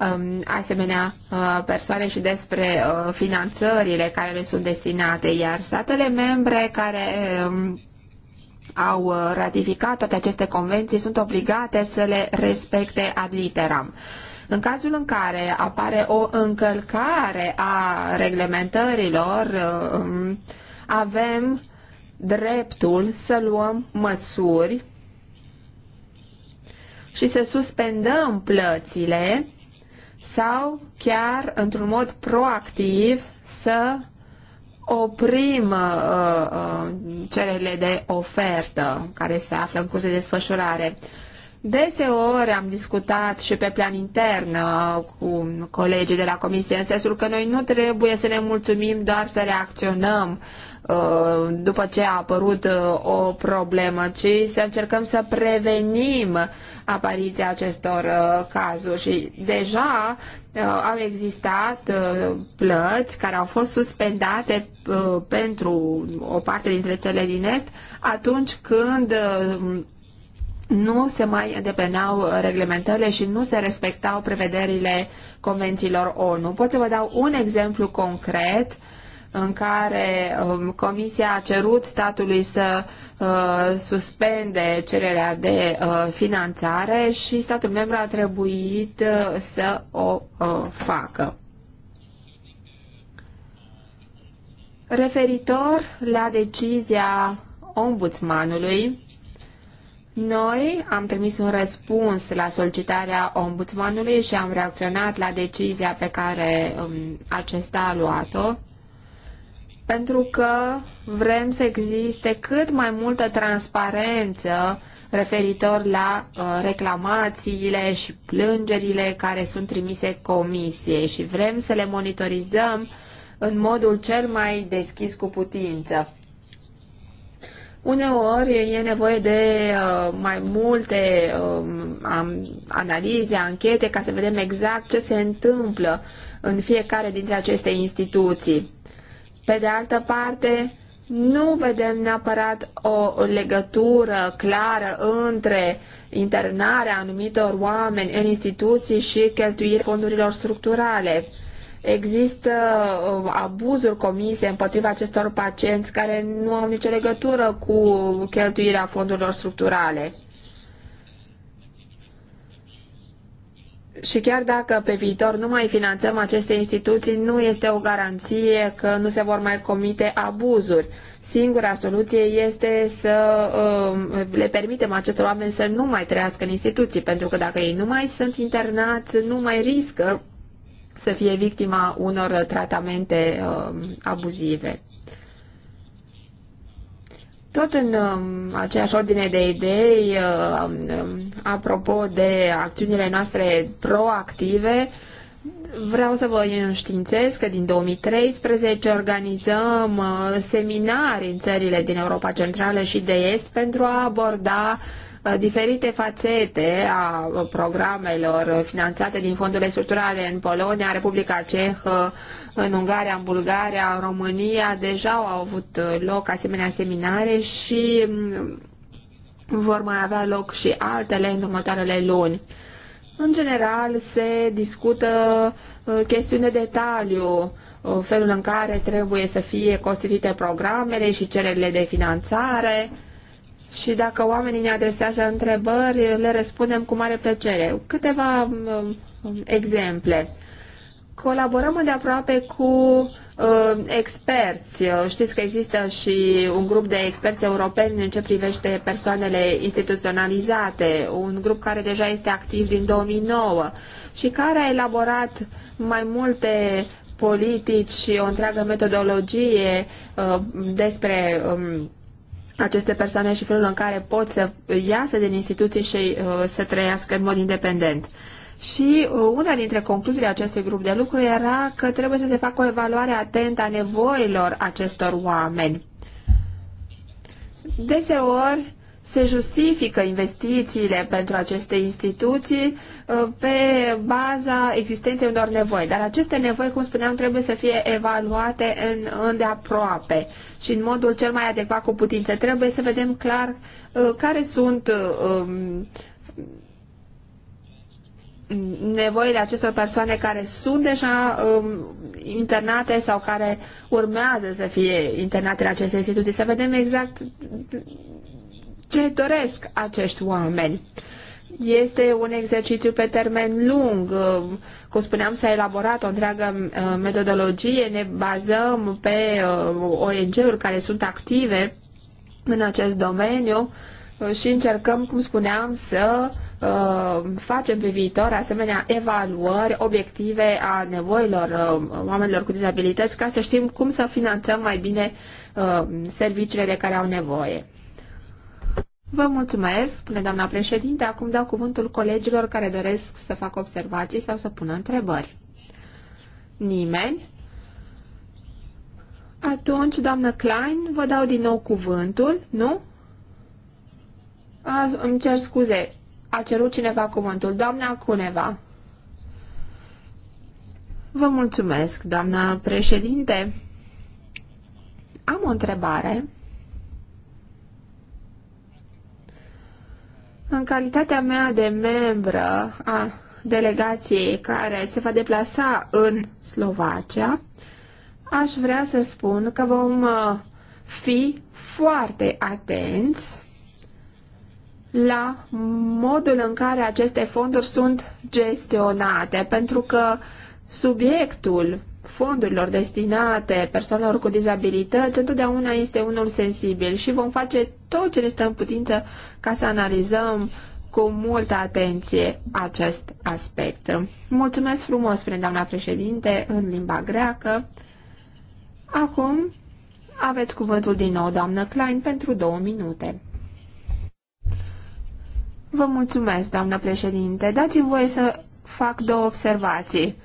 B: um, asemenea uh, persoane și despre uh, finanțările care le sunt destinate, iar statele membre care um, au uh, ratificat toate aceste convenții sunt obligate să le respecte ad literam. În cazul în care apare o încălcare a reglementărilor, uh, avem dreptul să luăm măsuri și să suspendăm plățile sau chiar într-un mod proactiv să oprim uh, uh, cererile de ofertă care se află în curs de desfășurare. Deseori am discutat și pe plan intern uh, cu colegii de la Comisie în sensul că noi nu trebuie să ne mulțumim doar să reacționăm uh, după ce a apărut uh, o problemă, ci să încercăm să prevenim apariția acestor cazuri. Și deja Uh, au existat uh, plăți care au fost suspendate uh, pentru o parte dintre țările din Est atunci când nu se mai îndeplineau reglementările și nu se respectau prevederile convențiilor ONU. Pot să vă dau un exemplu concret uh, în care um, Comisia a cerut statului să uh, suspende cererea de uh, finanțare și statul membru a trebuit uh, să o facă. Referitor la decizia ombudsmanului, noi am trimis un răspuns la solicitarea ombudsmanului și am reacționat la decizia pe care um, acesta a luat-o pentru că vrem să existe cât mai multă transparență referitor la uh, reclamațiile și plângerile care sunt trimise comisiei și vrem să le monitorizăm în modul cel mai deschis cu putință. Uneori e nevoie de uh, mai multe uh, analize, anchete ca să vedem exact ce se întâmplă în fiecare dintre aceste instituții. Pe de altă parte, nu vedem neapărat o legătură clară între internarea anumitor oameni în instituții și cheltuirea fondurilor structurale. Există uh, abuzuri comise împotriva acestor pacienți care nu au nicio legătură cu cheltuirea fondurilor structurale. Și chiar dacă pe viitor nu mai finanțăm aceste instituții, nu este o garanție că nu se vor mai comite abuzuri. Singura soluție este să um, le permitem acestor oameni să nu mai trăiască în instituții, pentru că dacă ei nu mai sunt internați, nu mai riscă să fie victima unor tratamente um, abuzive. Tot în um, aceeași ordine de idei, uh, um, um, apropo de acțiunile noastre proactive, vreau să vă înștiințez că din 2013 organizăm uh, seminarii în țările din Europa Centrală și de Est pentru a aborda diferite fațete a programelor finanțate din fondurile structurale în Polonia, Republica Cehă, în Ungaria, în Bulgaria, în România, deja au avut loc asemenea seminare și mm, vor mai avea loc și altele în următoarele luni. În general se discută uh, chestiuni de detaliu, uh, felul în care trebuie să fie constituite programele și cererile de finanțare, și dacă oamenii ne adresează întrebări, le răspundem cu mare plăcere. Câteva um, um, exemple. Colaborăm de aproape cu uh, experți. Știți că există și un grup de experți europeni în ce privește persoanele instituționalizate, un grup care deja este activ din 2009 și care a elaborat mai multe politici, o întreagă metodologie uh, despre um, aceste persoane și felul în care pot să iasă din instituții și uh, să trăiască în mod independent. Și uh, una dintre concluziile acestui grup de lucru era că trebuie să se facă o evaluare atentă a nevoilor acestor oameni. Deseori, se justifică investițiile pentru aceste instituții uh, pe baza existenței unor nevoi. Dar aceste nevoi, cum spuneam, trebuie să fie evaluate în, îndeaproape și în modul cel mai adecvat cu putință. Trebuie să vedem clar uh, care sunt um, nevoile acestor persoane care sunt deja um, internate sau care urmează să fie internate în aceste instituții, să vedem exact ce doresc acești oameni. Este un exercițiu pe termen lung. Cum spuneam, s-a elaborat o întreagă uh, metodologie. Ne bazăm pe uh, ONG-uri care sunt active în acest domeniu uh, și încercăm, cum spuneam, să facem pe viitor asemenea evaluări obiective a nevoilor oamenilor cu dizabilități ca să știm cum să finanțăm mai bine serviciile de care au nevoie. Vă mulțumesc, spune doamna președinte. Acum dau cuvântul colegilor care doresc să facă observații sau să pună întrebări. Nimeni? Atunci, doamnă Klein, vă dau din nou cuvântul, nu? A, îmi cer scuze, a cerut cineva cuvântul, doamna Cuneva. Vă mulțumesc, doamna președinte. Am o întrebare În calitatea mea de membră a delegației care se va deplasa în Slovacia, aș vrea să spun că vom uh, fi foarte atenți la modul în care aceste fonduri sunt gestionate, pentru că subiectul fondurilor destinate persoanelor cu dizabilități întotdeauna este unul sensibil și vom face tot ce ne stă în putință ca să analizăm cu multă atenție acest aspect. Mulțumesc frumos, prin doamna președinte, în limba greacă. Acum aveți cuvântul din nou, doamnă Klein, pentru două minute. Vă mulțumesc, doamnă președinte. Dați-mi voie să fac două observații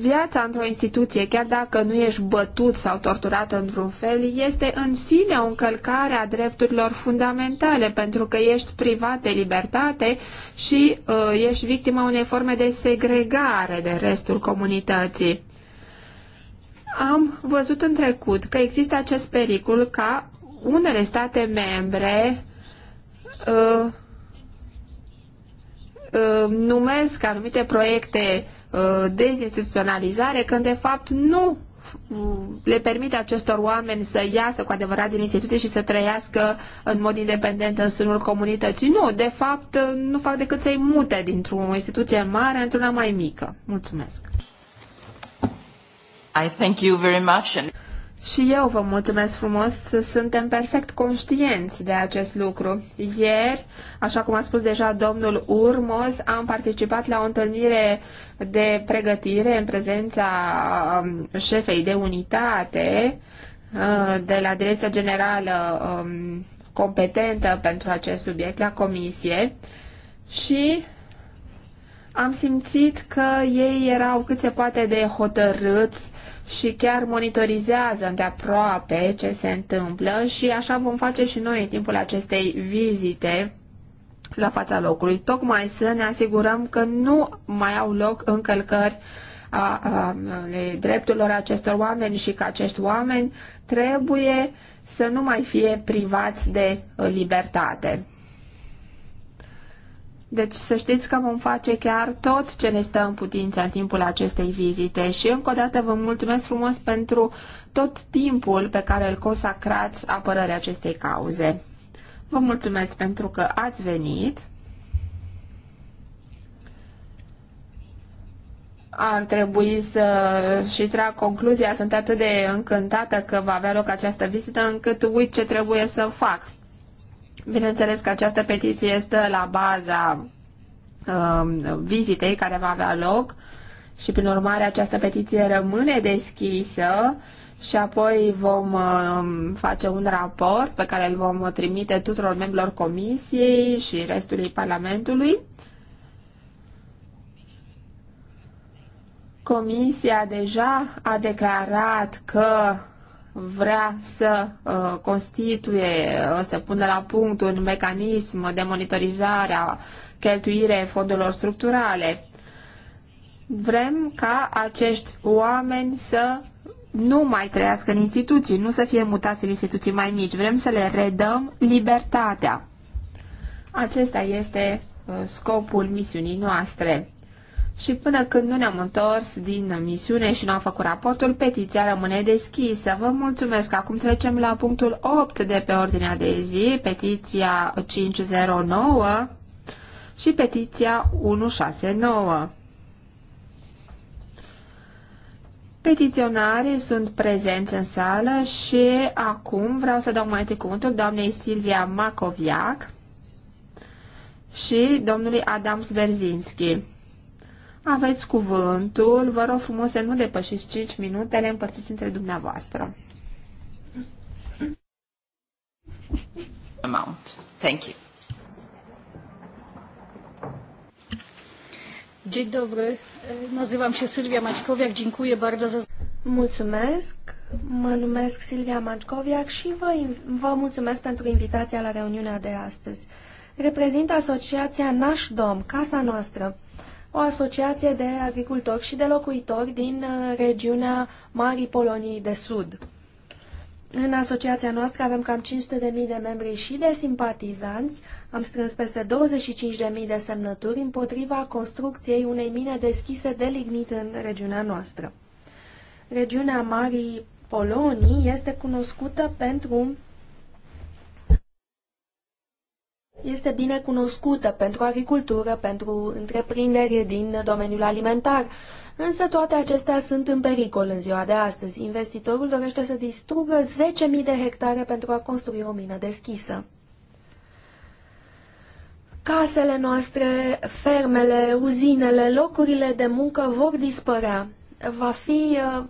B: viața într-o instituție, chiar dacă nu ești bătut sau torturat într-un fel, este în sine o încălcare a drepturilor fundamentale, pentru că ești privat de libertate și uh, ești victima unei forme de segregare de restul comunității. Am văzut în trecut că există acest pericol ca unele state membre uh, uh, numesc anumite proiecte Uh, dezinstituționalizare, când de fapt nu uh, le permite acestor oameni să iasă cu adevărat din instituție și să trăiască în mod independent în sânul comunității. Nu, de fapt, uh, nu fac decât să-i mute dintr-o instituție mare într-una mai mică. Mulțumesc! I thank you very much. Și eu vă mulțumesc frumos, să suntem perfect conștienți de acest lucru. Ieri, așa cum a spus deja domnul Urmos, am participat la o întâlnire de pregătire în prezența um, șefei de unitate uh, de la Direcția Generală um, competentă pentru acest subiect la comisie și am simțit că ei erau cât se poate de hotărâți și chiar monitorizează îndeaproape ce se întâmplă și așa vom face și noi în timpul acestei vizite la fața locului, tocmai să ne asigurăm că nu mai au loc încălcări a, a drepturilor acestor oameni și că acești oameni trebuie să nu mai fie privați de libertate. Deci să știți că vom face chiar tot ce ne stă în putință în timpul acestei vizite și încă o dată vă mulțumesc frumos pentru tot timpul pe care îl consacrați apărării acestei cauze. Vă mulțumesc pentru că ați venit. Ar trebui să și trag concluzia, sunt atât de încântată că va avea loc această vizită încât uit ce trebuie să fac. Bineînțeles că această petiție este la baza um, vizitei care va avea loc și prin urmare această petiție rămâne deschisă și apoi vom um, face un raport pe care îl vom trimite tuturor membrilor comisiei și restului Parlamentului. Comisia deja a declarat că vrea să uh, constituie, uh, să pună la punct un mecanism de monitorizare a cheltuirei fondurilor structurale. Vrem ca acești oameni să nu mai trăiască în instituții, nu să fie mutați în instituții mai mici. Vrem să le redăm libertatea. Acesta este uh, scopul misiunii noastre și până când nu ne-am întors din misiune și nu am făcut raportul, petiția rămâne deschisă. Vă mulțumesc. Acum trecem la punctul 8 de pe ordinea de zi, petiția 509 și petiția 169. Petiționarii sunt prezenți în sală și acum vreau să dau mai întâi cuvântul doamnei Silvia Macoviac și domnului Adam Sverzinski. Aveți cuvântul. Vă rog frumos să nu depășiți 5 minutele împărțiți între dumneavoastră. Amount. Thank you.
C: Dzień dobry, nazywam się
A: Sylwia Maćkowiak, dziękuję bardzo za... Mulțumesc, mă numesc Silvia Maćkowiak și vă, vă mulțumesc pentru invitația la reuniunea de astăzi. Reprezint Asociația Nașdom, Casa Noastră, o asociație de agricultori și de locuitori din uh, regiunea Marii Poloniei de Sud. În asociația noastră avem cam 500.000 de membri și de simpatizanți. Am strâns peste 25.000 de semnături împotriva construcției unei mine deschise de lignit în regiunea noastră. Regiunea Marii Polonii este cunoscută pentru este bine cunoscută pentru agricultură, pentru întreprinderi din domeniul alimentar, însă toate acestea sunt în pericol în ziua de astăzi. Investitorul dorește să distrugă 10.000 de hectare pentru a construi o mină deschisă. Casele noastre, fermele, uzinele, locurile de muncă vor dispărea. Va fi uh,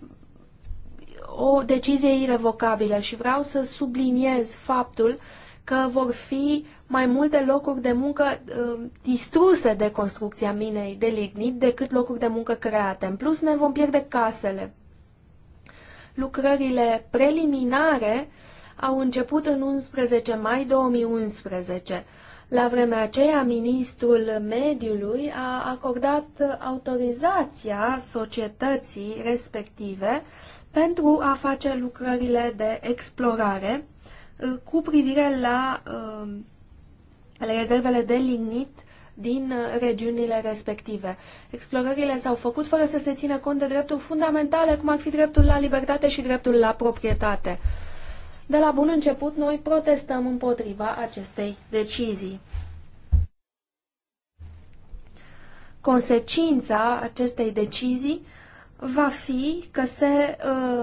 A: o decizie irrevocabilă și vreau să subliniez faptul că vor fi mai multe locuri de muncă uh, distruse de construcția minei de lignit decât locuri de muncă create. În plus, ne vom pierde casele. Lucrările preliminare au început în 11 mai 2011. La vremea aceea, ministrul mediului a acordat autorizația societății respective pentru a face lucrările de explorare uh, cu privire la uh, rezervele de lignit din uh, regiunile respective. Explorările s-au făcut fără să se țină cont de drepturi fundamentale, cum ar fi dreptul la libertate și dreptul la proprietate. De la bun început, noi protestăm împotriva acestei decizii. Consecința acestei decizii va fi că se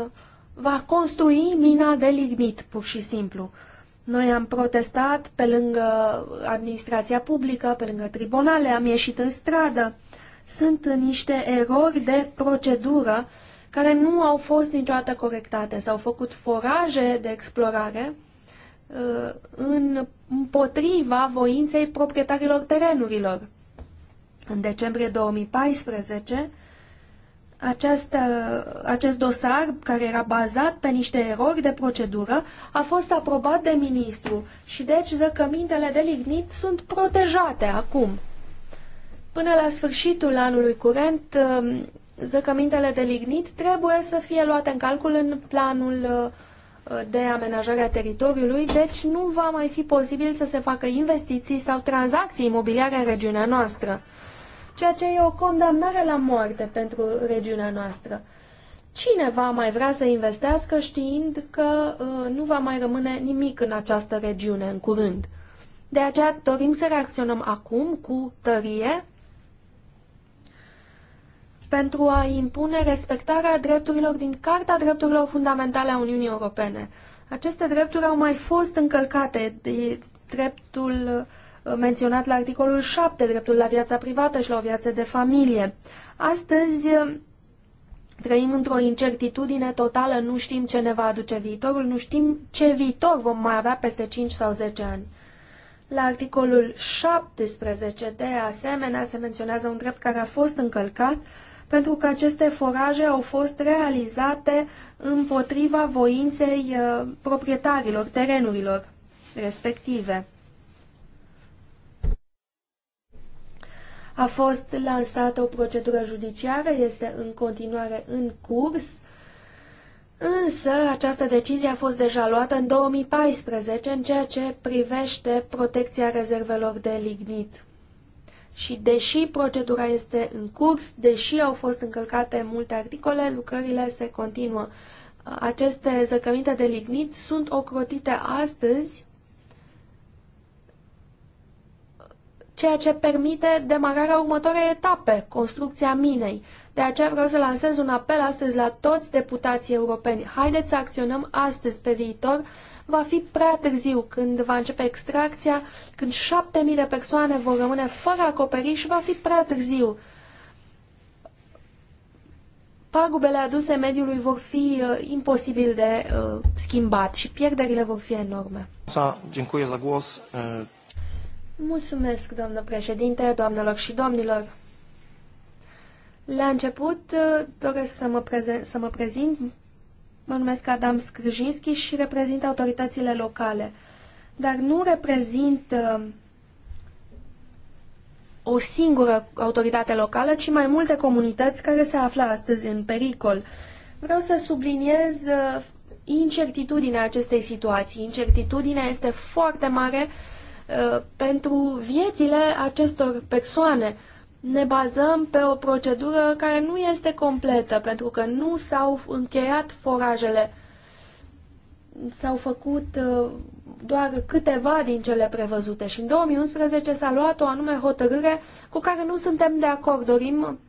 A: uh, va construi mina de lignit, pur și simplu. Uh, noi am protestat pe lângă administrația publică, pe lângă tribunale, am ieșit în stradă. Sunt niște erori de procedură care nu au fost niciodată corectate. S-au făcut foraje de explorare uh, în, împotriva voinței proprietarilor terenurilor. În decembrie 2014, această, acest dosar, care era bazat pe niște erori de procedură, a fost aprobat de ministru și deci zăcămintele de lignit sunt protejate acum. Până la sfârșitul anului curent, um, zăcămintele de lignit trebuie să fie luate în calcul în planul uh, de amenajare a teritoriului, deci nu va mai fi posibil să se facă investiții sau tranzacții imobiliare în regiunea noastră ceea ce e o condamnare la moarte pentru regiunea noastră. Cine va mai vrea să investească știind că uh, nu va mai rămâne nimic în această regiune în curând? De aceea dorim să reacționăm acum cu tărie pentru a impune respectarea drepturilor din Carta Drepturilor Fundamentale a Uniunii Europene. Aceste drepturi au mai fost încălcate, de dreptul menționat la articolul 7, dreptul la viața privată și la o viață de familie. Astăzi uh, trăim într-o incertitudine totală, nu știm ce ne va aduce viitorul, nu știm ce viitor vom mai avea peste 5 sau 10 ani. La articolul 17, de asemenea, se menționează un drept care a fost încălcat, pentru că aceste foraje au fost realizate împotriva voinței uh, proprietarilor terenurilor respective. A fost lansată o procedură judiciară, este în continuare în curs, însă această decizie a fost deja luată în 2014 în ceea ce privește protecția rezervelor de lignit. Și deși procedura este în curs, deși au fost încălcate multe articole, lucrările se continuă. Aceste zăcăminte de lignit sunt ocrotite astăzi ceea ce permite demararea următoarei etape, construcția minei. De aceea vreau să lansez un apel astăzi la toți deputații europeni. Haideți să acționăm astăzi pe viitor. Va fi prea târziu când va începe extracția, când șapte mii de persoane vor rămâne fără acoperiș, va fi prea târziu. Pagubele aduse mediului vor fi uh, imposibil de uh, schimbat și pierderile vor fi enorme.
B: Dziękuję za głos.
A: Mulțumesc, doamnă președinte, doamnelor și domnilor. La început uh, doresc să mă, prezent, să mă prezint. Mă numesc Adam Scrijinski și reprezint autoritățile locale, dar nu reprezint uh, o singură autoritate locală, ci mai multe comunități care se află astăzi în pericol. Vreau să subliniez uh, incertitudinea acestei situații. Incertitudinea este foarte mare uh, Uh, pentru viețile acestor persoane. Ne bazăm pe o procedură care nu este completă, pentru că nu s-au încheiat forajele. S-au făcut uh, doar câteva din cele prevăzute și în 2011 s-a luat o anume hotărâre cu care nu suntem de acord. Dorim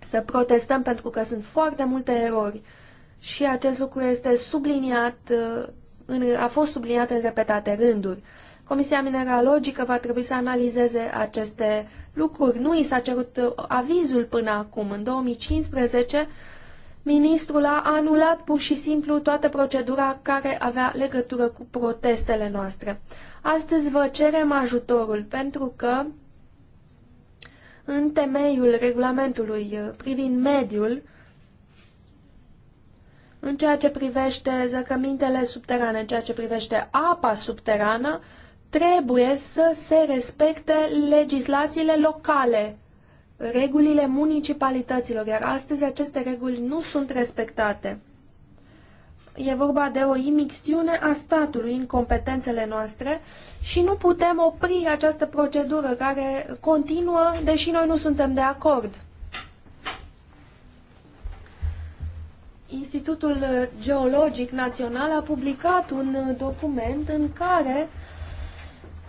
A: să protestăm pentru că sunt foarte multe erori și acest lucru este subliniat, uh, a fost subliniat în repetate rânduri. Comisia Mineralogică va trebui să analizeze aceste lucruri. Nu i s-a cerut uh, avizul până acum. În 2015, ministrul a anulat pur și simplu toată procedura care avea legătură cu protestele noastre. Astăzi vă cerem ajutorul pentru că în temeiul regulamentului uh, privind mediul, în ceea ce privește zăcămintele subterane, în ceea ce privește apa subterană, trebuie să se respecte legislațiile locale, regulile municipalităților, iar astăzi aceste reguli nu sunt respectate. E vorba de o imixtiune a statului în competențele noastre și nu putem opri această procedură care continuă, deși noi nu suntem de acord. Institutul Geologic Național a publicat un document în care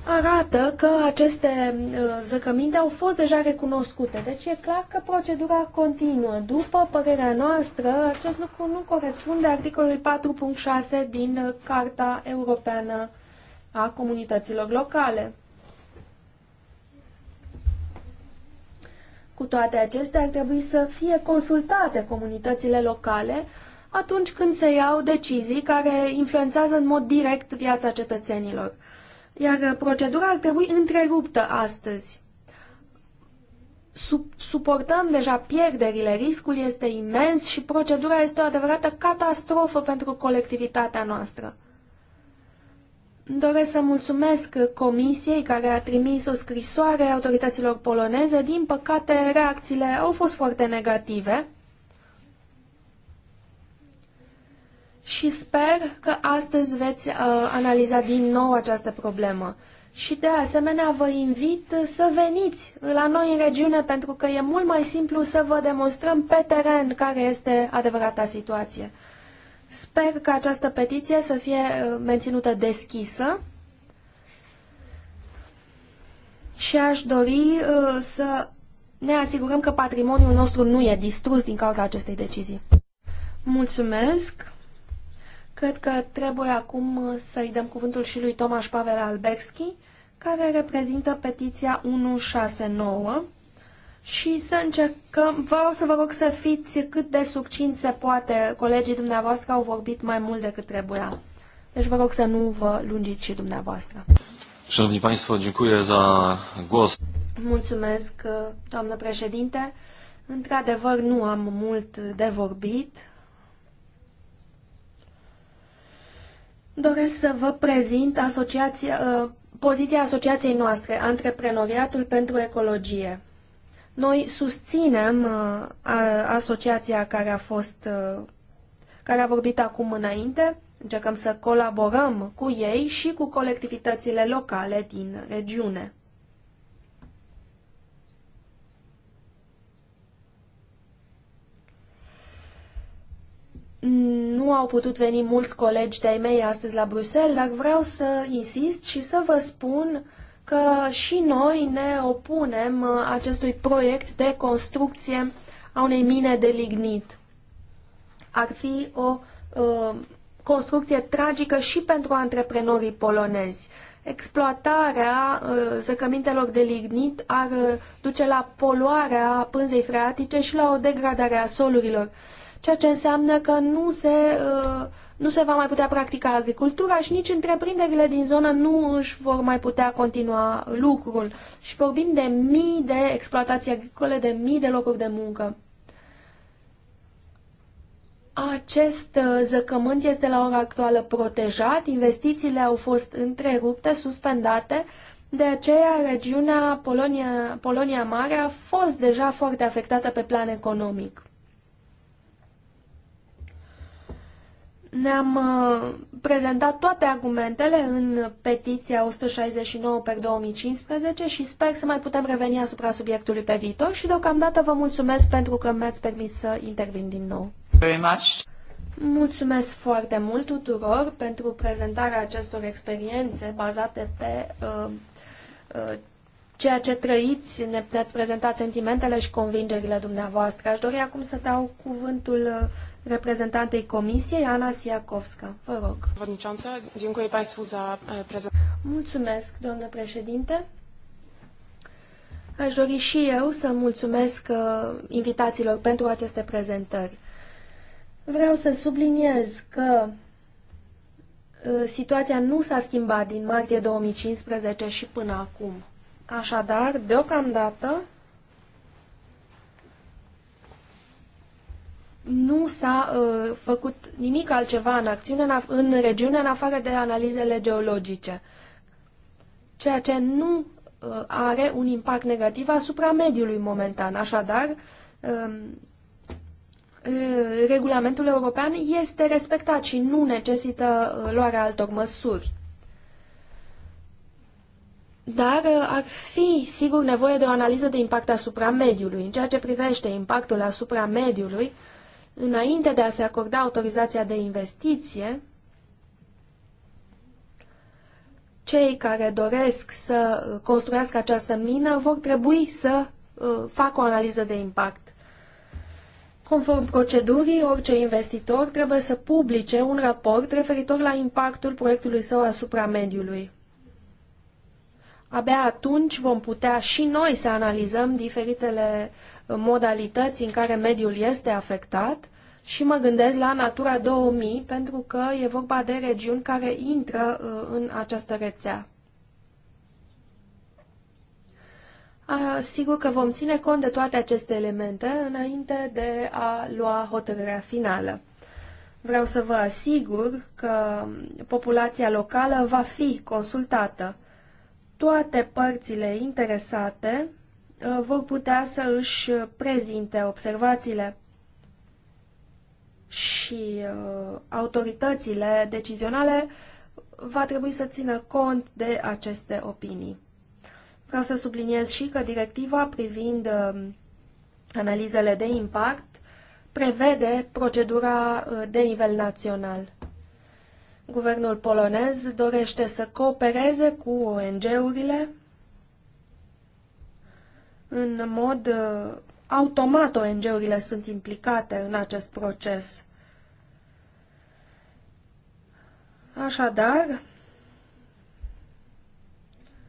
A: arată că aceste uh, zăcăminte au fost deja recunoscute. Deci e clar că procedura continuă. După părerea noastră, acest lucru nu corespunde articolului 4.6 din uh, Carta Europeană a Comunităților Locale. Cu toate acestea, ar trebui să fie consultate comunitățile locale atunci când se iau decizii care influențează în mod direct viața cetățenilor iar procedura ar trebui întreruptă astăzi. Sub, suportăm deja pierderile, riscul este imens și procedura este o adevărată catastrofă pentru colectivitatea noastră. Doresc să mulțumesc comisiei care a trimis o scrisoare autorităților poloneze. Din păcate, reacțiile au fost foarte negative și sper că astăzi veți uh, analiza din nou această problemă. Și de asemenea vă invit să veniți la noi în regiune pentru că e mult mai simplu să vă demonstrăm pe teren care este adevărata situație. Sper că această petiție să fie uh, menținută deschisă și aș dori uh, să ne asigurăm că patrimoniul nostru nu e distrus din cauza acestei decizii. Mulțumesc! Cred că trebuie acum uh, să-i dăm cuvântul și lui Tomaș Pavel Albexchi, care reprezintă petiția 169 și să încercăm, vreau să vă rog să fiți cât de succint se poate. Colegii dumneavoastră au vorbit mai mult decât trebuia. Deci vă rog să nu vă lungiți și dumneavoastră.
B: Szanowni Państwo, dziękuję za głos.
A: Mulțumesc, uh, doamnă președinte. Într-adevăr, nu am mult de vorbit. doresc să vă prezint asociația, uh, poziția asociației noastre, Antreprenoriatul pentru Ecologie. Noi susținem uh, asociația care a fost uh, care a vorbit acum înainte. Încercăm să colaborăm cu ei și cu colectivitățile locale din regiune. Nu au putut veni mulți colegi de-ai mei astăzi la Bruxelles, dar vreau să insist și să vă spun că și noi ne opunem uh, acestui proiect de construcție a unei mine de lignit. Ar fi o uh, construcție tragică și pentru antreprenorii polonezi. Exploatarea uh, zăcămintelor de lignit ar uh, duce la poluarea pânzei freatice și la o degradare a solurilor. Uh, ceea ce înseamnă că nu se, uh, nu se va mai putea practica agricultura și nici întreprinderile din zonă nu își vor mai putea continua lucrul. Și vorbim de mii de exploatații agricole, de mii de locuri de muncă. Acest uh, zăcământ este la ora actuală protejat, investițiile au fost întrerupte, suspendate, de aceea regiunea Polonia, Polonia Mare a fost deja foarte afectată pe plan economic. Ne-am uh, prezentat toate argumentele în petiția 169 pe 2015 și sper să mai putem reveni asupra subiectului pe viitor și deocamdată vă mulțumesc pentru că mi-ați permis să
B: intervin din nou. Very much.
A: Mulțumesc foarte mult tuturor pentru prezentarea acestor experiențe bazate pe uh, uh, ceea ce trăiți, ne, ne-ați prezentat sentimentele și convingerile dumneavoastră. Aș dori acum să dau cuvântul uh, reprezentantei Comisiei, Ana Siakovska. Vă rog. Mulțumesc, doamnă președinte. Aș dori și eu să mulțumesc invitațiilor pentru aceste prezentări. Vreau să subliniez că situația nu s-a schimbat din martie 2015 și până acum. Așadar, deocamdată, nu s-a uh, făcut nimic altceva în acțiune în, în regiune în afară de analizele geologice, ceea ce nu uh, are un impact negativ asupra mediului momentan. Așadar, um, uh, regulamentul european este respectat și nu necesită uh, luarea altor măsuri. Dar uh, ar fi, sigur, nevoie de o analiză de impact asupra mediului. În ceea ce privește impactul asupra mediului, înainte de a se acorda autorizația de investiție, cei care doresc să construiască această mină vor trebui să uh, facă o analiză de impact. Conform procedurii, orice investitor trebuie să publice un raport referitor la impactul proiectului său asupra mediului. Abia atunci vom putea și noi să analizăm diferitele modalități în care mediul este afectat și mă gândesc la Natura 2000 pentru că e vorba de regiuni care intră uh, în această rețea. sigur că vom ține cont de toate aceste elemente înainte de a lua hotărârea finală. Vreau să vă asigur că populația locală va fi consultată toate părțile interesate uh, vor putea să își prezinte observațiile și uh, autoritățile decizionale va trebui să țină cont de aceste opinii. Vreau să subliniez și că directiva privind uh, analizele de impact prevede procedura uh, de nivel național. Guvernul polonez dorește să coopereze cu ONG-urile în mod uh, automat ONG-urile sunt implicate în acest proces. Așadar,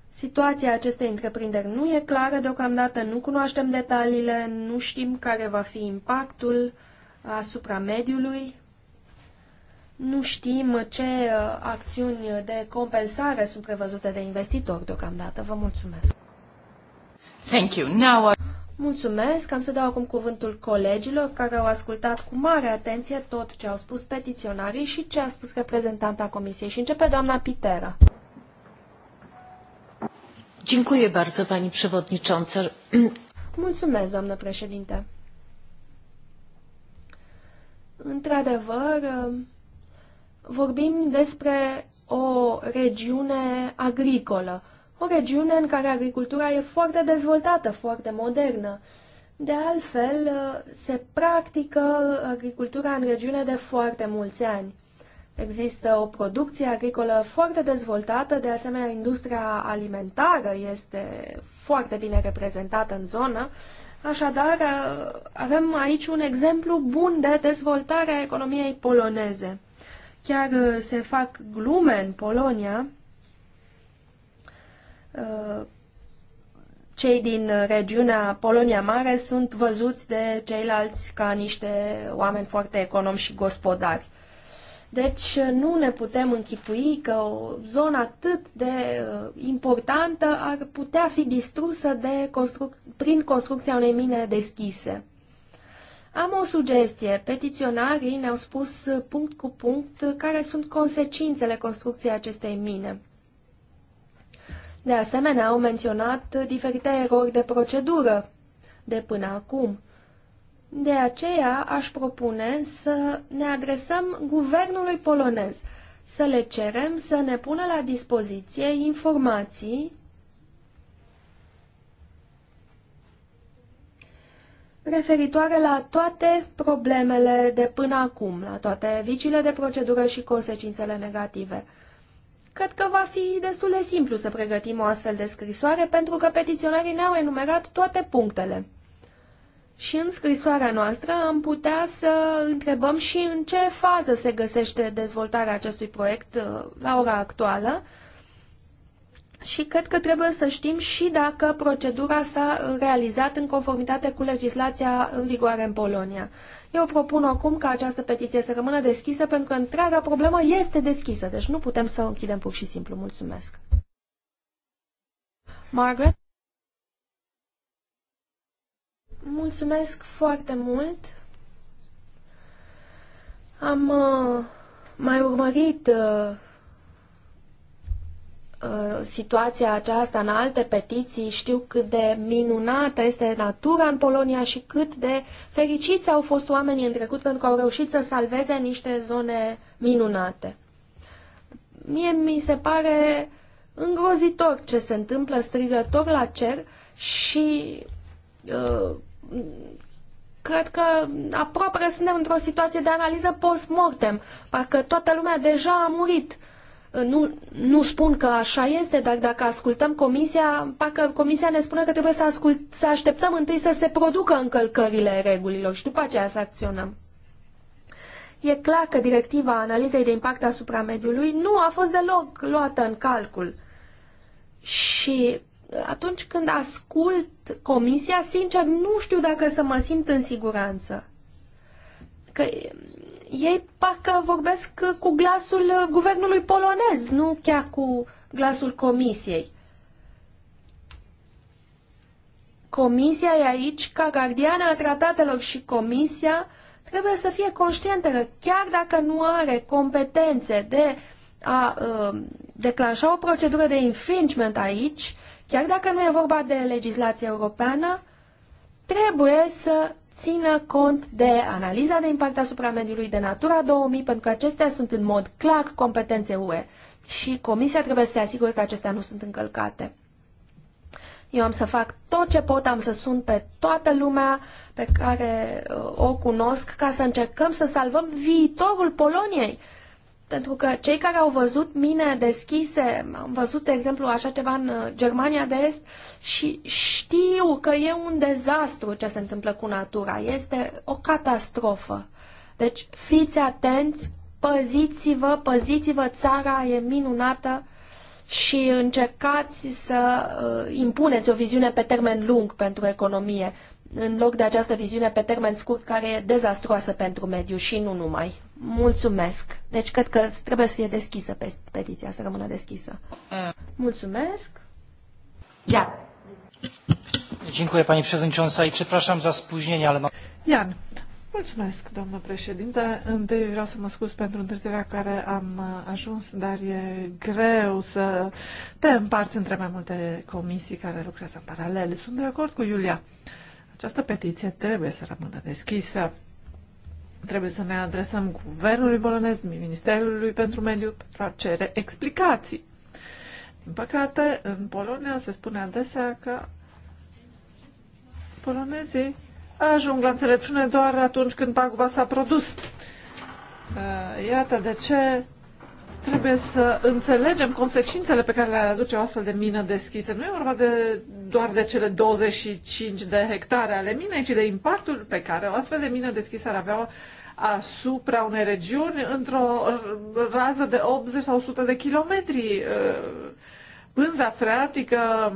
A: situația acestei întreprinderi nu e clară deocamdată, nu cunoaștem detaliile, nu știm care va fi impactul asupra mediului. Nu știm ce uh, acțiuni de compensare sunt prevăzute de investitori deocamdată. Vă mulțumesc.
B: Thank you. Now I...
A: Mulțumesc. Am să dau acum cuvântul colegilor care au ascultat cu mare atenție tot ce au spus petiționarii și ce a spus reprezentanta Comisiei. Și începe doamna Pitera. Dziękuję bardzo, pani przewodnicząca. Mulțumesc, doamnă președinte. Într-adevăr, vorbim despre o regiune agricolă, o regiune în care agricultura e foarte dezvoltată, foarte modernă. De altfel, se practică agricultura în regiune de foarte mulți ani. Există o producție agricolă foarte dezvoltată, de asemenea industria alimentară este foarte bine reprezentată în zonă, așadar avem aici un exemplu bun de dezvoltare a economiei poloneze. Chiar uh, se fac glume în Polonia. Uh, cei din uh, regiunea Polonia Mare sunt văzuți de ceilalți ca niște oameni foarte economi și gospodari. Deci nu ne putem închipui că o zonă atât de importantă ar putea fi distrusă de construc- prin construcția unei mine deschise. Am o sugestie. Petiționarii ne-au spus punct cu punct care sunt consecințele construcției acestei mine. De asemenea, au menționat diferite erori de procedură de până acum. De aceea aș propune să ne adresăm guvernului polonez, să le cerem să ne pună la dispoziție informații referitoare la toate problemele de până acum, la toate vicile de procedură și consecințele negative. Cred că va fi destul de simplu să pregătim o astfel de scrisoare, pentru că petiționarii ne-au enumerat toate punctele. Și în scrisoarea noastră am putea să întrebăm și în ce fază se găsește dezvoltarea acestui proiect uh, la ora actuală și cred că trebuie să știm și dacă procedura s-a realizat în conformitate cu legislația în vigoare în Polonia. Eu propun acum ca această petiție să rămână deschisă pentru că întreaga problemă este deschisă, deci nu putem să o închidem pur și simplu. Mulțumesc. Margaret? Mulțumesc foarte mult. Am uh, mai urmărit uh, Uh, situația aceasta în alte petiții, știu cât de minunată este natura în Polonia și cât de fericiți au fost oamenii în trecut pentru că au reușit să salveze niște zone minunate. Mie mi se pare îngrozitor ce se întâmplă, strigător la cer și uh, cred că aproape suntem într-o situație de analiză post-mortem. Parcă toată lumea deja a murit. Uh, nu, nu spun că așa este, dar dacă ascultăm comisia, parcă comisia ne spune că trebuie să, ascult, să așteptăm întâi să se producă încălcările regulilor și după aceea să acționăm. E clar că directiva analizei de impact asupra mediului nu a fost deloc luată în calcul. Și atunci când ascult comisia, sincer, nu știu dacă să mă simt în siguranță. Că ei parcă vorbesc cu glasul guvernului polonez, nu chiar cu glasul comisiei. Comisia e aici ca gardiană a tratatelor și comisia trebuie să fie conștientă că chiar dacă nu are competențe de a uh, declanșa o procedură de infringement aici, chiar dacă nu e vorba de legislație europeană, uh, trebuie să țină cont de analiza de impact asupra mediului de Natura 2000, pentru că acestea sunt în mod clar competențe UE și Comisia trebuie să se asigure că acestea nu sunt încălcate. Eu am să fac tot ce pot, am să sun pe toată lumea pe care uh, o cunosc ca să încercăm să salvăm viitorul Poloniei. Pentru că cei care au văzut mine deschise, am văzut, de exemplu, așa ceva în uh, Germania de Est și știu că e un dezastru ce se întâmplă cu natura. Este o catastrofă. Deci fiți atenți, păziți-vă, păziți-vă, țara e minunată și încercați să uh, impuneți o viziune pe termen lung pentru economie, în loc de această viziune pe termen scurt care e dezastruoasă pentru mediu și nu numai. Mulțumesc. Deci cred că trebuie să fie deschisă pe petiția, să rămână deschisă. Mulțumesc. Ian.
C: Dziękuję Pani Przewodnicząca i przepraszam za spóźnienie, ale... Ian, mulțumesc, domnul președinte. Întâi vreau să mă scuz pentru întârzierea care am ajuns, dar e greu să te împarți între mai multe comisii care lucrează în paralel. Sunt de acord cu Iulia. Această petiție trebuie să rămână deschisă Trebuie să ne adresăm guvernului Bolonez, Ministerului pentru Mediu, pentru a cere explicații. Din păcate, în Polonia se spune adesea că polonezii ajung la înțelepciune doar atunci când paguba s-a produs. Uh, iată de ce Trebuie să înțelegem consecințele pe care le aduce o astfel de mină deschisă. Nu e vorba de, doar de cele 25 de hectare ale minei, ci de impactul pe care o astfel de mină deschisă ar avea asupra unei regiuni într-o rază de 80 sau 100 de kilometri. Pânza freatică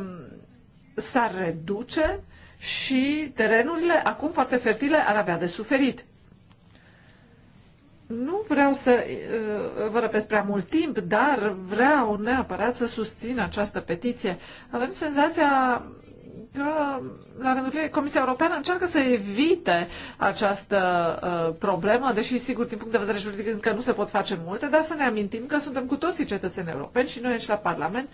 C: s-ar reduce și terenurile, acum foarte fertile, ar avea de suferit. Nu vreau să uh, vă răpesc prea mult timp, dar vreau neapărat să susțin această petiție. Avem senzația că, la rândul ei, Comisia Europeană încearcă să evite această uh, problemă, deși, sigur, din punct de vedere juridic încă nu se pot face multe, dar să ne amintim că suntem cu toții cetățeni europeni și noi aici la Parlament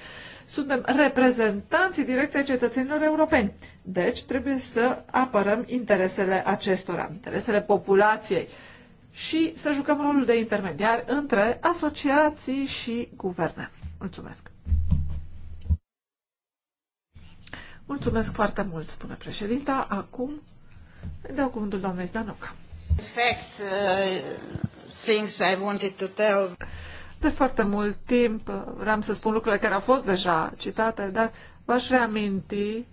C: suntem reprezentanții direcției cetățenilor europeni. Deci trebuie să apărăm interesele acestora, interesele populației și să jucăm rolul de intermediar între asociații și guverne. Mulțumesc! Mulțumesc foarte mult, spune președinta. Acum îi dau cuvântul doamnei Zdanoca. In fact, uh, things I wanted to tell... De foarte mult timp uh, vreau să spun lucrurile care au fost deja citate, dar v-aș reaminti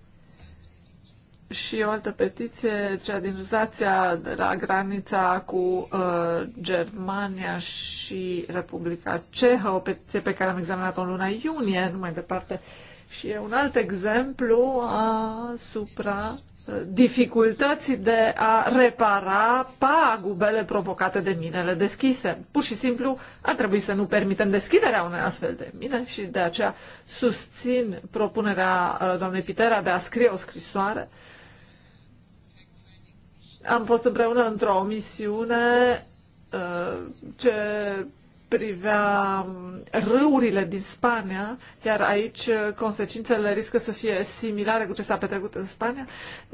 C: și o altă petiție, cea din Zația, de la granița cu uh, Germania și Republica Cehă, o petiție pe care am examinat-o în luna iunie, nu mai departe. Și e un alt exemplu asupra uh, dificultății de a repara pagubele provocate de minele deschise. Pur și simplu ar trebui să nu permitem deschiderea unei astfel de mine și de aceea susțin propunerea uh, doamnei Pitera de a scrie o scrisoare uh, am fost împreună într-o misiune uh, ce privea râurile din Spania, iar aici uh, consecințele riscă să fie similare cu ce s-a petrecut în Spania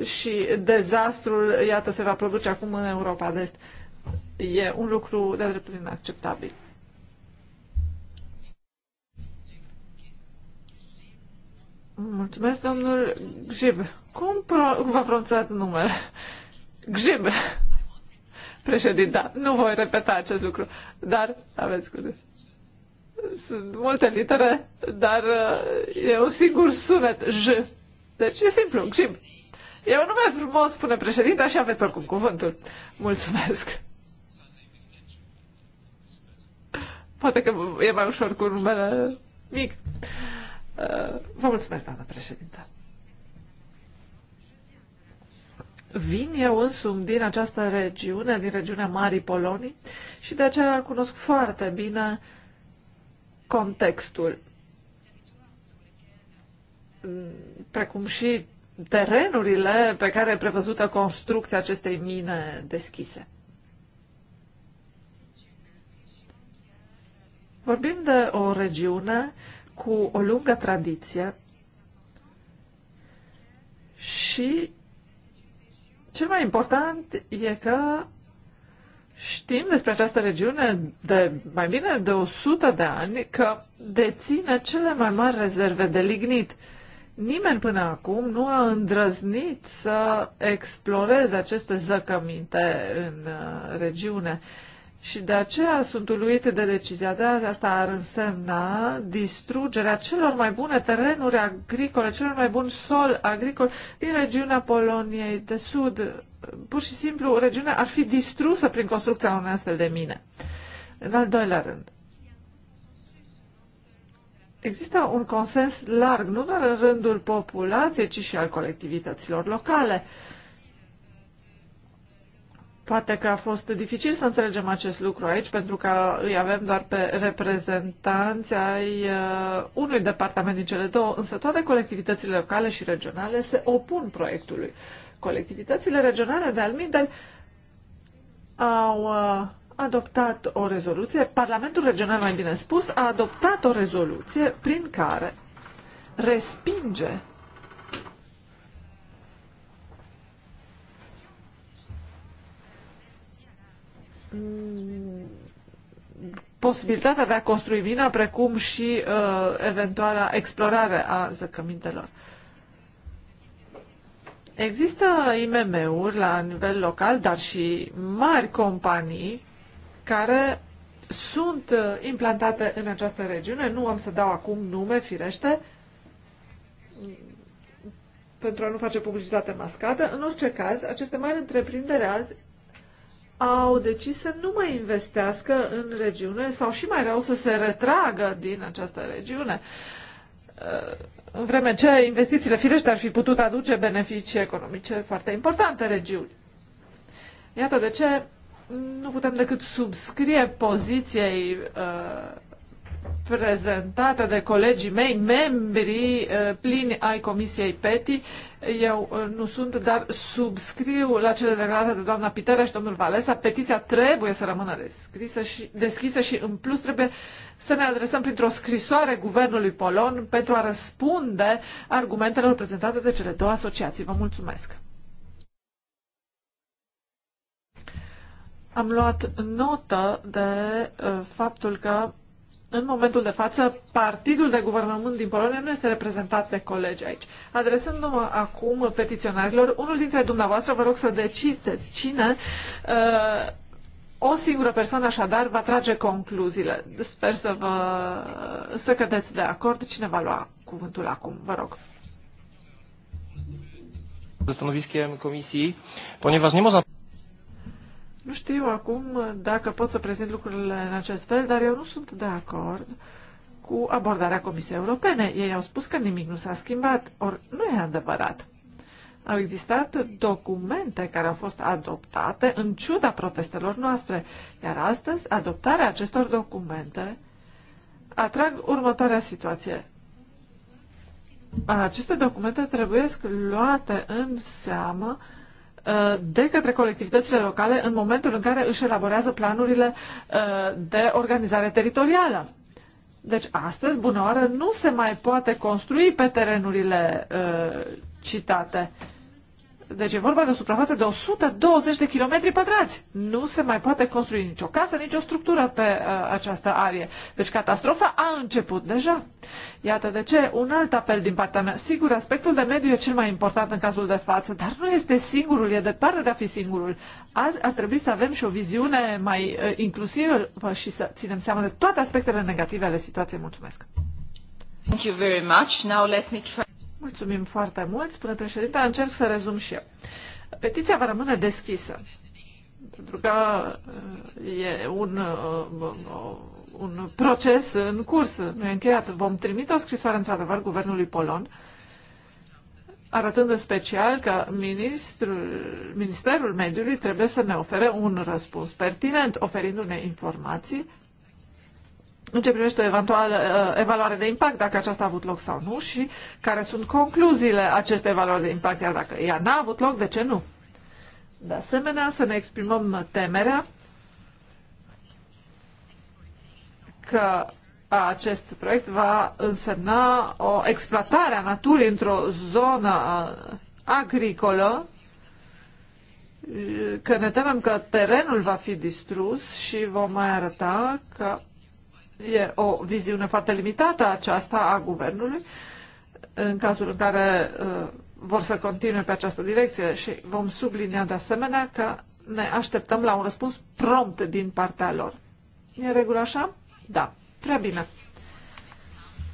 C: și dezastrul, iată, se va produce acum în Europa de Est. E un lucru de dreptul inacceptabil. Mulțumesc, domnul Gjib. Cum, pro- cum v-a pronunțat numele? Gzib, președinta. Nu voi repeta acest lucru, dar aveți cu Sunt multe litere, dar uh, e un singur sunet, J. Deci e simplu, Grzyb. E un nume frumos, spune președinta, și aveți oricum cuvântul. Mulțumesc. Poate că e mai ușor cu numele mic. Uh, vă mulțumesc, doamnă președinte. Vin eu însumi din această regiune, din regiunea Marii Polonii și de aceea cunosc foarte bine contextul, precum și terenurile pe care e prevăzută construcția acestei mine deschise. Vorbim de o regiune cu o lungă tradiție și cel mai important e că știm despre această regiune de mai bine de 100 de ani că deține cele mai mari rezerve de lignit. Nimeni până acum nu a îndrăznit să exploreze aceste zăcăminte în uh, regiune. Și de aceea sunt uluite de decizia de azi. Asta ar însemna distrugerea celor mai bune terenuri agricole, celor mai bun sol agricol din regiunea Poloniei de Sud. Pur și simplu, regiunea ar fi distrusă prin construcția unei astfel de mine. În al doilea rând, există un consens larg, nu doar în rândul populației, ci și al colectivităților locale. Uh, Poate că a fost dificil să înțelegem acest lucru aici, pentru că îi avem doar pe reprezentanți ai uh, unui departament din cele două, însă toate colectivitățile locale și regionale se opun proiectului. Colectivitățile regionale de Almindel au uh, adoptat o rezoluție, Parlamentul Regional, mai bine spus, a adoptat o rezoluție prin care respinge Mm, posibilitatea de a construi vina, precum și uh, eventuala explorare a zăcămintelor. Există IMM-uri la nivel local, dar și mari companii care sunt uh, implantate în această regiune. Nu am să dau acum nume, firește, pentru a nu face publicitate mascată. În orice caz, aceste mari întreprinderi azi au decis să nu mai investească în regiune sau și mai rău să se retragă din această regiune. Uh, în vreme ce investițiile firește ar fi putut aduce beneficii economice foarte importante regiuni. Iată de ce nu putem decât subscrie poziției uh, prezentată de colegii mei, membrii eh, plini ai Comisiei PETI. Eu eh, nu sunt, dar subscriu la cele declarate de doamna Pitera și domnul Valesa. Petiția trebuie să rămână deschisă și, deschisă și în plus trebuie să ne adresăm printr-o scrisoare guvernului polon pentru a răspunde argumentelor prezentate de cele două asociații. Vă mulțumesc! Am luat notă de uh, faptul că în momentul de față, partidul de guvernământ din Polonia nu este reprezentat de colegi aici. Adresându-mă acum petiționarilor, unul dintre dumneavoastră vă rog să decideți cine uh, o singură persoană așadar va trage concluziile. Sper să vă să cădeți de acord. Cine va lua cuvântul acum? Vă rog.
B: Ze stanowiskiem komisji, ponieważ nie można...
C: Nu știu acum dacă pot să prezint lucrurile în acest fel, dar eu nu sunt de acord cu abordarea Comisiei Europene. Ei au spus că nimic nu s-a schimbat, ori nu e adevărat. Au existat documente care au fost adoptate în ciuda protestelor noastre, iar astăzi adoptarea acestor documente atrag următoarea situație. Aceste documente trebuie luate în seamă Uh, de către colectivitățile locale în momentul în care își elaborează planurile uh, de organizare teritorială. Deci astăzi, bună oară, nu se mai poate construi pe terenurile uh, citate. Uh, deci e vorba de o suprafață de 120 de km pătrați. Nu se mai poate construi nicio casă, nicio structură pe uh, această arie. Deci catastrofa a început deja. Iată de ce un alt apel din partea mea. Sigur, aspectul de mediu e cel mai important în cazul de față, dar nu este singurul, e departe de a fi singurul. Azi ar trebui să avem și o viziune mai uh, inclusivă și să ținem seama de toate aspectele negative ale situației. Mulțumesc! Thank you very much. Now let me try... Mulțumim foarte mult, spune președinte. Încerc să rezum și eu. Petiția va rămâne deschisă, pentru că uh, e un, uh, un proces în curs, nu e încheiat. Vom trimite o scrisoare, într-adevăr, guvernului polon, arătând în special că ministrul, Ministerul Mediului trebuie să ne ofere un răspuns pertinent, oferindu-ne informații în ce privește o eventuală uh, evaluare de impact, dacă aceasta a avut loc sau nu și care sunt concluziile acestei evaluări de impact, iar dacă ea n-a avut loc, de ce nu? De asemenea, să ne exprimăm temerea că acest proiect va însemna o exploatare a naturii într-o zonă uh, agricolă, uh, că ne temem că terenul va fi distrus și vom mai arăta că E o viziune foarte limitată aceasta a guvernului, în cazul în care uh, vor să continue pe această direcție și vom sublinia de asemenea că ne așteptăm la un răspuns prompt din partea lor. E în regulă așa? Da. Prea bine.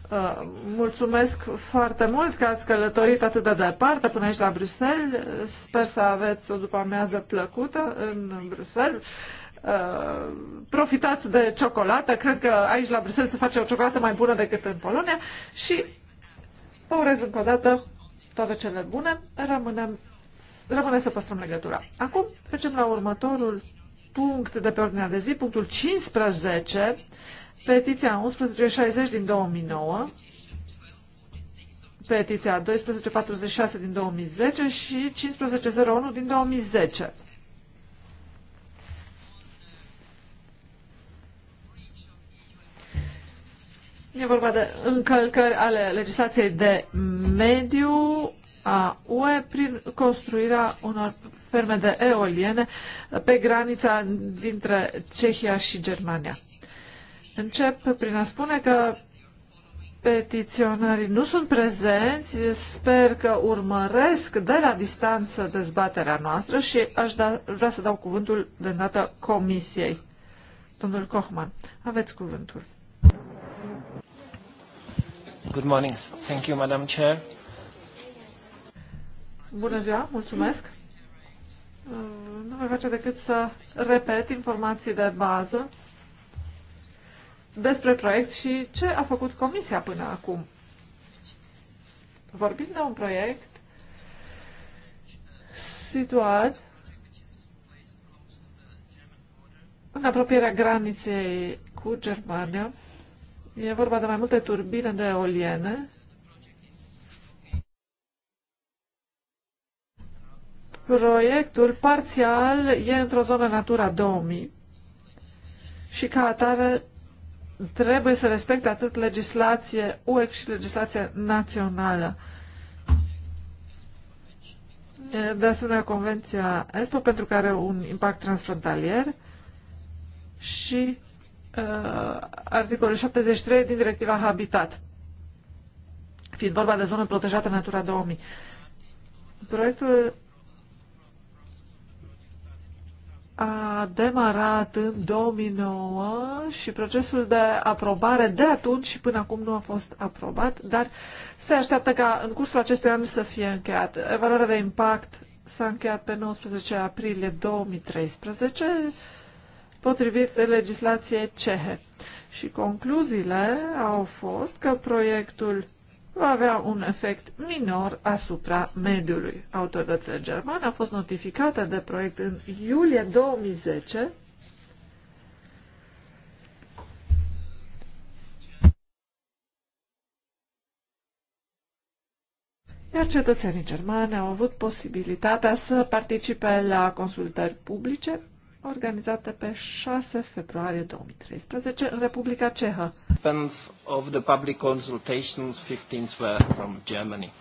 C: Uh, mulțumesc foarte mult că ați călătorit atât de departe până aici la Bruxelles. Sper să aveți o după amiază plăcută în Bruxelles. Uh, profitați de ciocolată. Cred că aici la Bruxelles se face o ciocolată mai bună decât în Polonia și vă urez încă o dată toate cele bune. Rămânem, rămâne să păstrăm legătura. Acum trecem la următorul punct de pe ordinea de zi, punctul 15, petiția 1160 din 2009, petiția 1246 din 2010 și 1501 din 2010. E vorba de încălcări ale legislației de mediu a UE prin construirea unor ferme de eoliene pe granița dintre Cehia și Germania. Încep prin a spune că petiționarii nu sunt prezenți, sper că urmăresc de la distanță dezbaterea noastră și aș da, vrea să dau cuvântul de îndată comisiei. Domnul Kochman, aveți cuvântul.
A: Good morning. Thank you, Madam Chair.
C: Bună ziua, mulțumesc. Uh, nu voi face decât să repet informații de bază despre proiect și ce a făcut Comisia până acum. Vorbim de un proiect situat în apropierea graniței cu Germania, E vorba de mai multe turbine de eoliene. Proiectul parțial e într-o zonă Natura 2000 și ca atare trebuie să respecte atât legislație UE și legislație națională. De asemenea, Convenția ESPO pentru că are un impact transfrontalier și uh, articolul 73 din directiva Habitat, fiind vorba de zone protejate Natura 2000. Proiectul a demarat în 2009 și procesul de aprobare de atunci și până acum nu a fost aprobat, dar se așteaptă ca în cursul acestui an să fie încheiat. Evaluarea de impact s-a încheiat pe 19 aprilie 2013 potrivit legislației cehe. Și concluziile au fost că proiectul va avea un efect minor asupra mediului. Autoritățile germane a fost notificată de proiect în iulie 2010 iar cetățenii germani au avut posibilitatea să participe la consultări publice Organizată pe 6 februarie 2013 în Republica Cehă. Of the public
A: consultations, 15 were from Germany.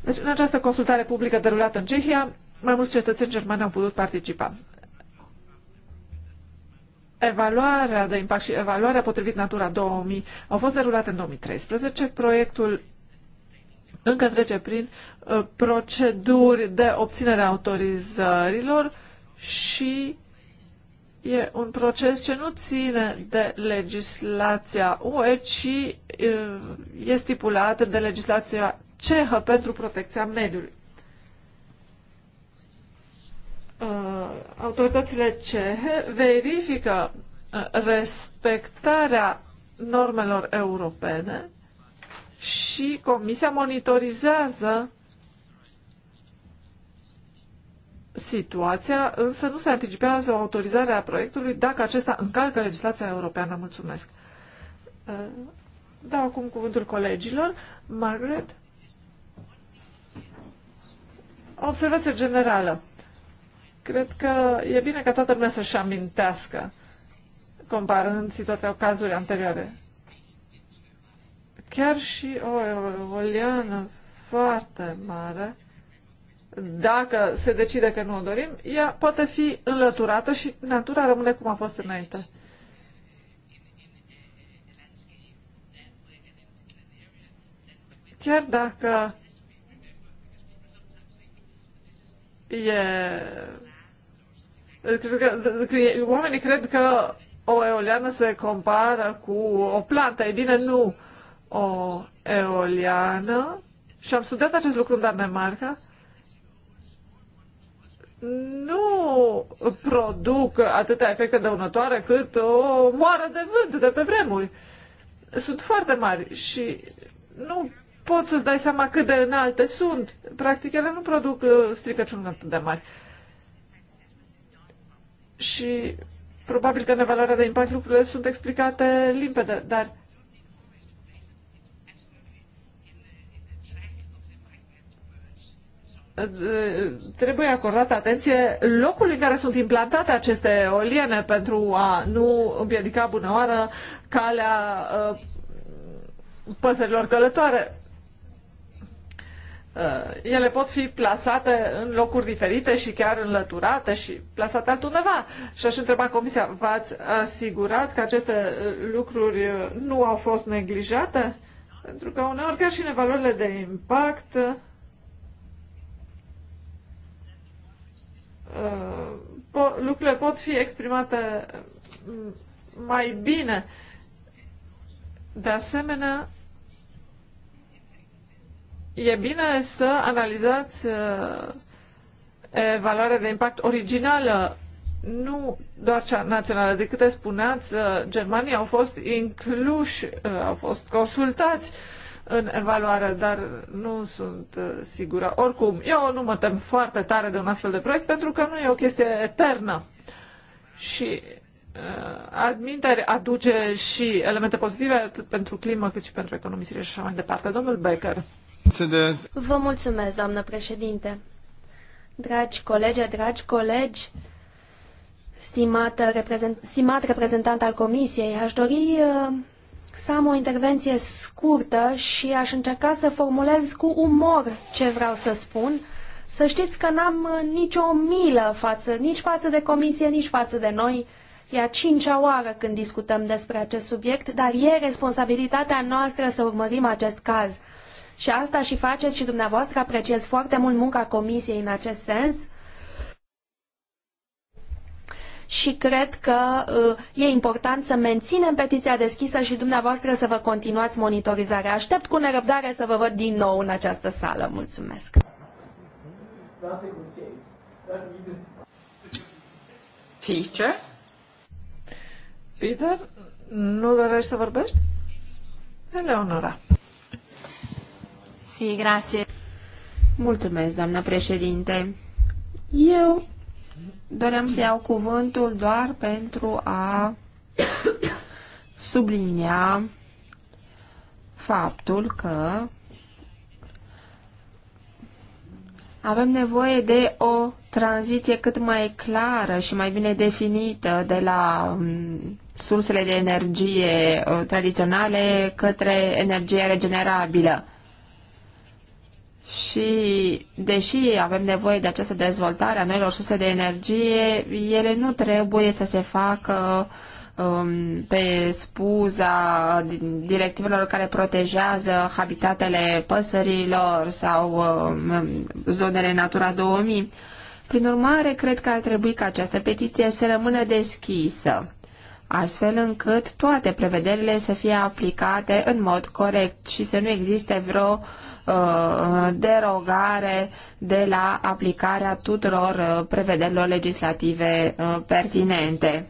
A: Deci, în
C: această consultare publică derulată în Cehia, mai mulți cetățeni germani au putut participa. Evaluarea de impact și evaluarea potrivit Natura 2000 au fost derulate în 2013. Proiectul încă trece prin uh, proceduri de obținere a autorizărilor și E un proces ce nu ține de legislația UE, ci e stipulat de legislația cehă pentru protecția mediului. Uh, autoritățile cehe verifică uh, respectarea normelor europene și Comisia monitorizează situația, însă nu se anticipează o autorizare a proiectului dacă acesta încalcă legislația europeană. Mulțumesc. Dau acum cuvântul colegilor. Margaret? Observație generală. Cred că e bine ca toată lumea să-și amintească, comparând situația cu cazuri anterioare. Chiar și o eoliană foarte mare dacă se decide că nu o dorim, ea poate fi înlăturată și natura rămâne cum a fost înainte. Chiar dacă e... Cred că, oamenii cred că o eoliană se compară cu o plantă. E bine, nu. O eoliană, și am studiat acest lucru în Danemarca, nu produc atâtea efecte dăunătoare cât o moară de vânt de pe vremuri. Sunt foarte mari și nu pot să-ți dai seama cât de înalte sunt. Practic, ele nu produc uh, stricăciuni atât de mari. Și probabil că nevaloarea de impact lucrurile sunt explicate limpede, dar trebuie acordată atenție locului în care sunt implantate aceste oliene pentru a nu împiedica bunăoară calea uh, păsărilor călătoare. Uh, ele pot fi plasate în locuri diferite și chiar înlăturate și plasate altundeva. Și aș întreba Comisia, v-ați asigurat că aceste uh, lucruri nu au fost neglijate? Pentru că uneori chiar și în evaluările de impact po, lucrurile pot fi exprimate mm, mai bine. De asemenea, e bine să analizați uh, valoarea de impact originală, nu doar cea națională. De câte spuneați, uh, germanii au fost incluși, uh, au fost consultați uh, în evaluare, dar nu sunt uh, sigură. Oricum, eu nu mă tem foarte tare de un astfel de proiect pentru că nu e o chestie eternă. Și uh, Adminter aduce și elemente pozitive atât pentru climă cât și pentru economisire și așa mai departe. Domnul Becker.
A: Vă mulțumesc, doamnă președinte. Dragi colegi, dragi colegi, stimat, reprezent, stimat reprezentant al Comisiei, aș dori uh, să am o intervenție scurtă și aș încerca să formulez cu umor ce vreau să spun. Să știți că n-am uh, nicio milă față, nici față de comisie, nici față de noi. E a cincea oară când discutăm despre acest subiect, dar e responsabilitatea noastră să urmărim acest caz. Și asta și faceți și dumneavoastră, apreciez foarte mult munca comisiei în acest sens și cred că uh, e important să menținem petiția deschisă și dumneavoastră să vă continuați monitorizarea. Aștept cu nerăbdare să vă văd din nou în această sală. Mulțumesc!
C: Peter? Peter, nu dorești să vorbești? Eleonora.
B: Si, grație. Mulțumesc, doamna președinte. Eu doream să iau cuvântul doar pentru a sublinia faptul că avem nevoie de o tranziție cât mai clară și mai bine definită de la um, sursele de energie uh, tradiționale către energia regenerabilă. Și, deși avem nevoie de această dezvoltare a noilor surse de energie, ele nu trebuie să se facă um, pe spuza directivelor care protejează habitatele păsărilor sau um, zonele Natura 2000. Prin urmare, cred că ar trebui ca această petiție să rămână deschisă, astfel încât toate prevederile să fie aplicate în mod corect și să nu existe vreo Uh, derogare de la aplicarea tuturor uh, prevederilor legislative uh, pertinente.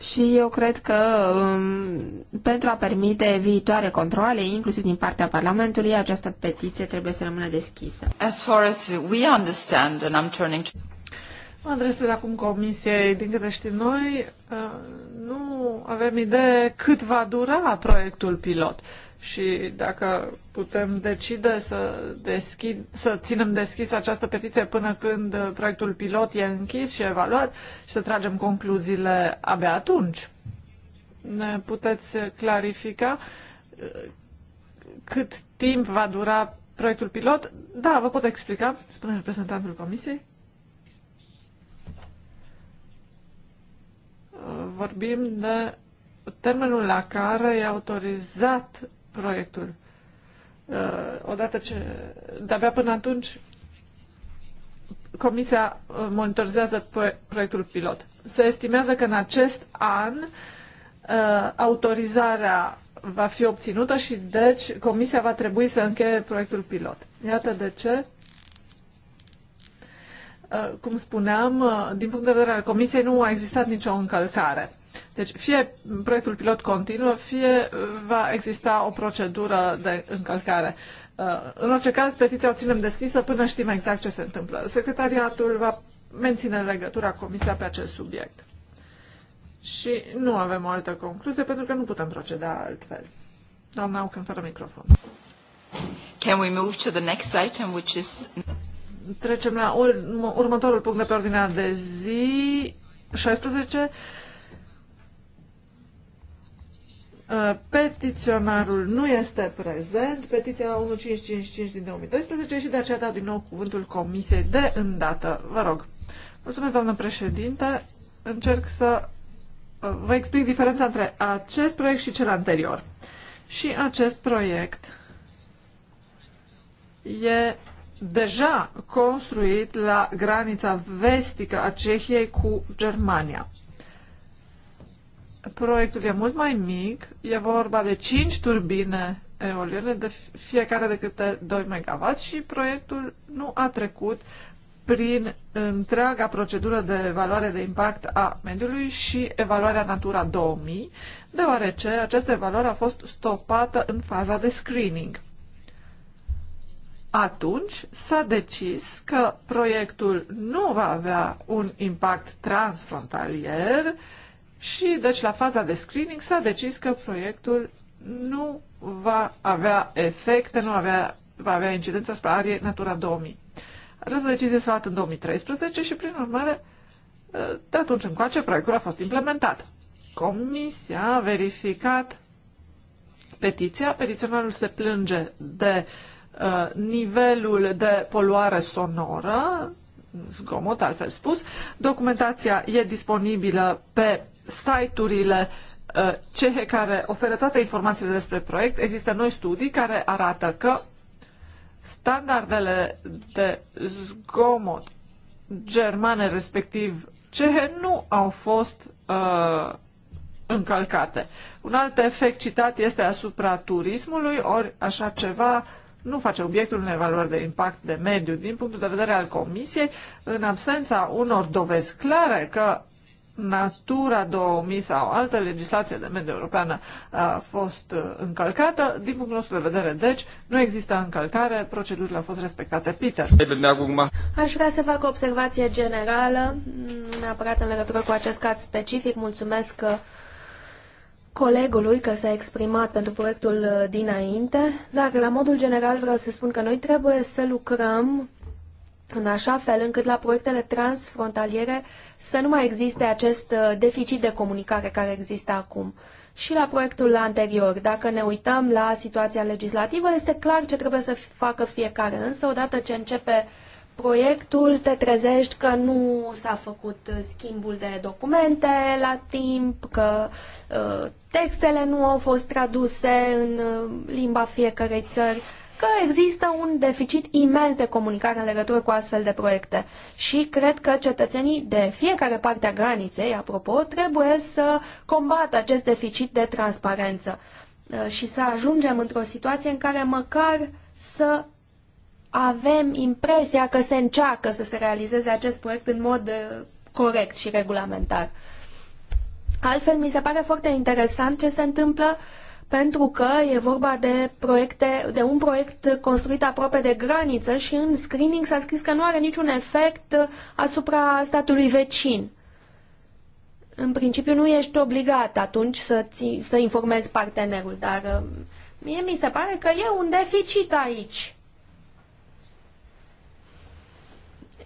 B: Și eu cred că um, pentru a permite viitoare controle, inclusiv din partea Parlamentului, această petiție trebuie să rămână deschisă. As far as we understand, and I'm turning to...
C: Mă adresez acum Comisiei, din câte știm noi, avem idee cât va dura proiectul pilot și dacă putem decide să, deschid, să ținem deschis această petiție până când proiectul pilot e închis și evaluat și să tragem concluziile abia atunci. Ne puteți clarifica uh, cât timp va dura proiectul pilot? Da, vă pot explica, spune reprezentantul Comisiei. vorbim de termenul la care e autorizat proiectul. Uh, odată ce, de-abia până atunci, Comisia monitorizează proiectul pilot. Se estimează că în acest an uh, autorizarea va fi obținută și deci Comisia va trebui să încheie proiectul pilot. Iată de ce Eh, cum spuneam, eh, din punct de vedere al Comisiei nu a existat nicio încălcare. Deci fie proiectul pilot continuă, fie eh, va exista o procedură de încălcare. În orice caz, petiția o ținem deschisă până știm exact ce se întâmplă. Secretariatul va menține legătura Comisia pe acest subiect. Și nu avem o altă concluzie pentru că nu putem proceda altfel. Doamna Aucan, fără microfon. Can we move to the next item, which is... Trecem la următorul punct de pe ordinea de zi, 16. Uh, petiționarul nu este prezent, petiția 1555 din 2012 și de aceea dat din nou cuvântul Comisiei de îndată. Vă rog. Mulțumesc, doamnă președinte. Încerc să uh, vă explic diferența între acest proiect și cel anterior. Și acest proiect e deja construit la granița vestică a Cehiei cu Germania. Proiectul e mult mai mic, e vorba de 5 turbine eoliene, de fiecare de câte 2 MW și proiectul nu a trecut prin întreaga procedură de evaluare de impact a mediului și evaluarea Natura 2000, deoarece această evaluare a fost stopată în faza de screening atunci s-a decis că proiectul nu va avea un impact transfrontalier și, deci, la faza de screening s-a decis că proiectul nu va avea efecte, nu avea, va avea incidență asupra ariei Natura 2000. Această decizie s-a luat în 2013 și, prin urmare, de atunci încoace, proiectul a fost implementat. Comisia a verificat petiția, petiționarul se plânge de uh, Uh, nivelul de poluare sonoră, zgomot altfel spus. Documentația e disponibilă pe site-urile uh, cehe care oferă toate informațiile despre proiect. Există noi studii care arată că standardele de zgomot germane, respectiv cehe, nu au fost uh, încălcate. Un alt efect citat este asupra turismului, ori așa ceva nu face obiectul unei evaluări de impact de mediu din punctul de vedere al Comisiei, în absența unor dovezi clare că Natura 2000 sau altă legislație de mediu europeană a fost uh, încălcată. Din punctul nostru de vedere, deci, nu există încălcare, procedurile au fost respectate. Peter.
A: Aș vrea să fac o observație generală, mm, neapărat în legătură cu acest caz specific. Mulțumesc că uh, colegului că s-a exprimat pentru proiectul uh, dinainte, dar la modul general vreau să spun că noi trebuie să lucrăm în așa fel încât la proiectele transfrontaliere să nu mai existe acest uh, deficit de comunicare care există acum. Și la proiectul anterior, dacă ne uităm la situația legislativă, este clar ce trebuie să facă fiecare, însă odată ce începe uh, proiectul, te trezești că nu s-a făcut schimbul de documente la timp, că uh, textele nu au fost traduse în uh, limba fiecărei țări, că există un deficit imens de comunicare în legătură cu astfel de proiecte. Și cred că cetățenii de fiecare parte a graniței, apropo, trebuie să combată acest deficit de transparență uh, și să ajungem într-o situație în care măcar să avem impresia că se încearcă să se realizeze acest proiect în mod uh, corect și regulamentar. Altfel, mi se pare foarte interesant ce se întâmplă pentru că e vorba de, proiecte, de un proiect construit aproape de graniță și în screening s-a scris că nu are niciun efect uh, asupra statului vecin. În principiu nu ești obligat atunci să, ți, să informezi partenerul, dar uh, mie mi se pare că e un deficit aici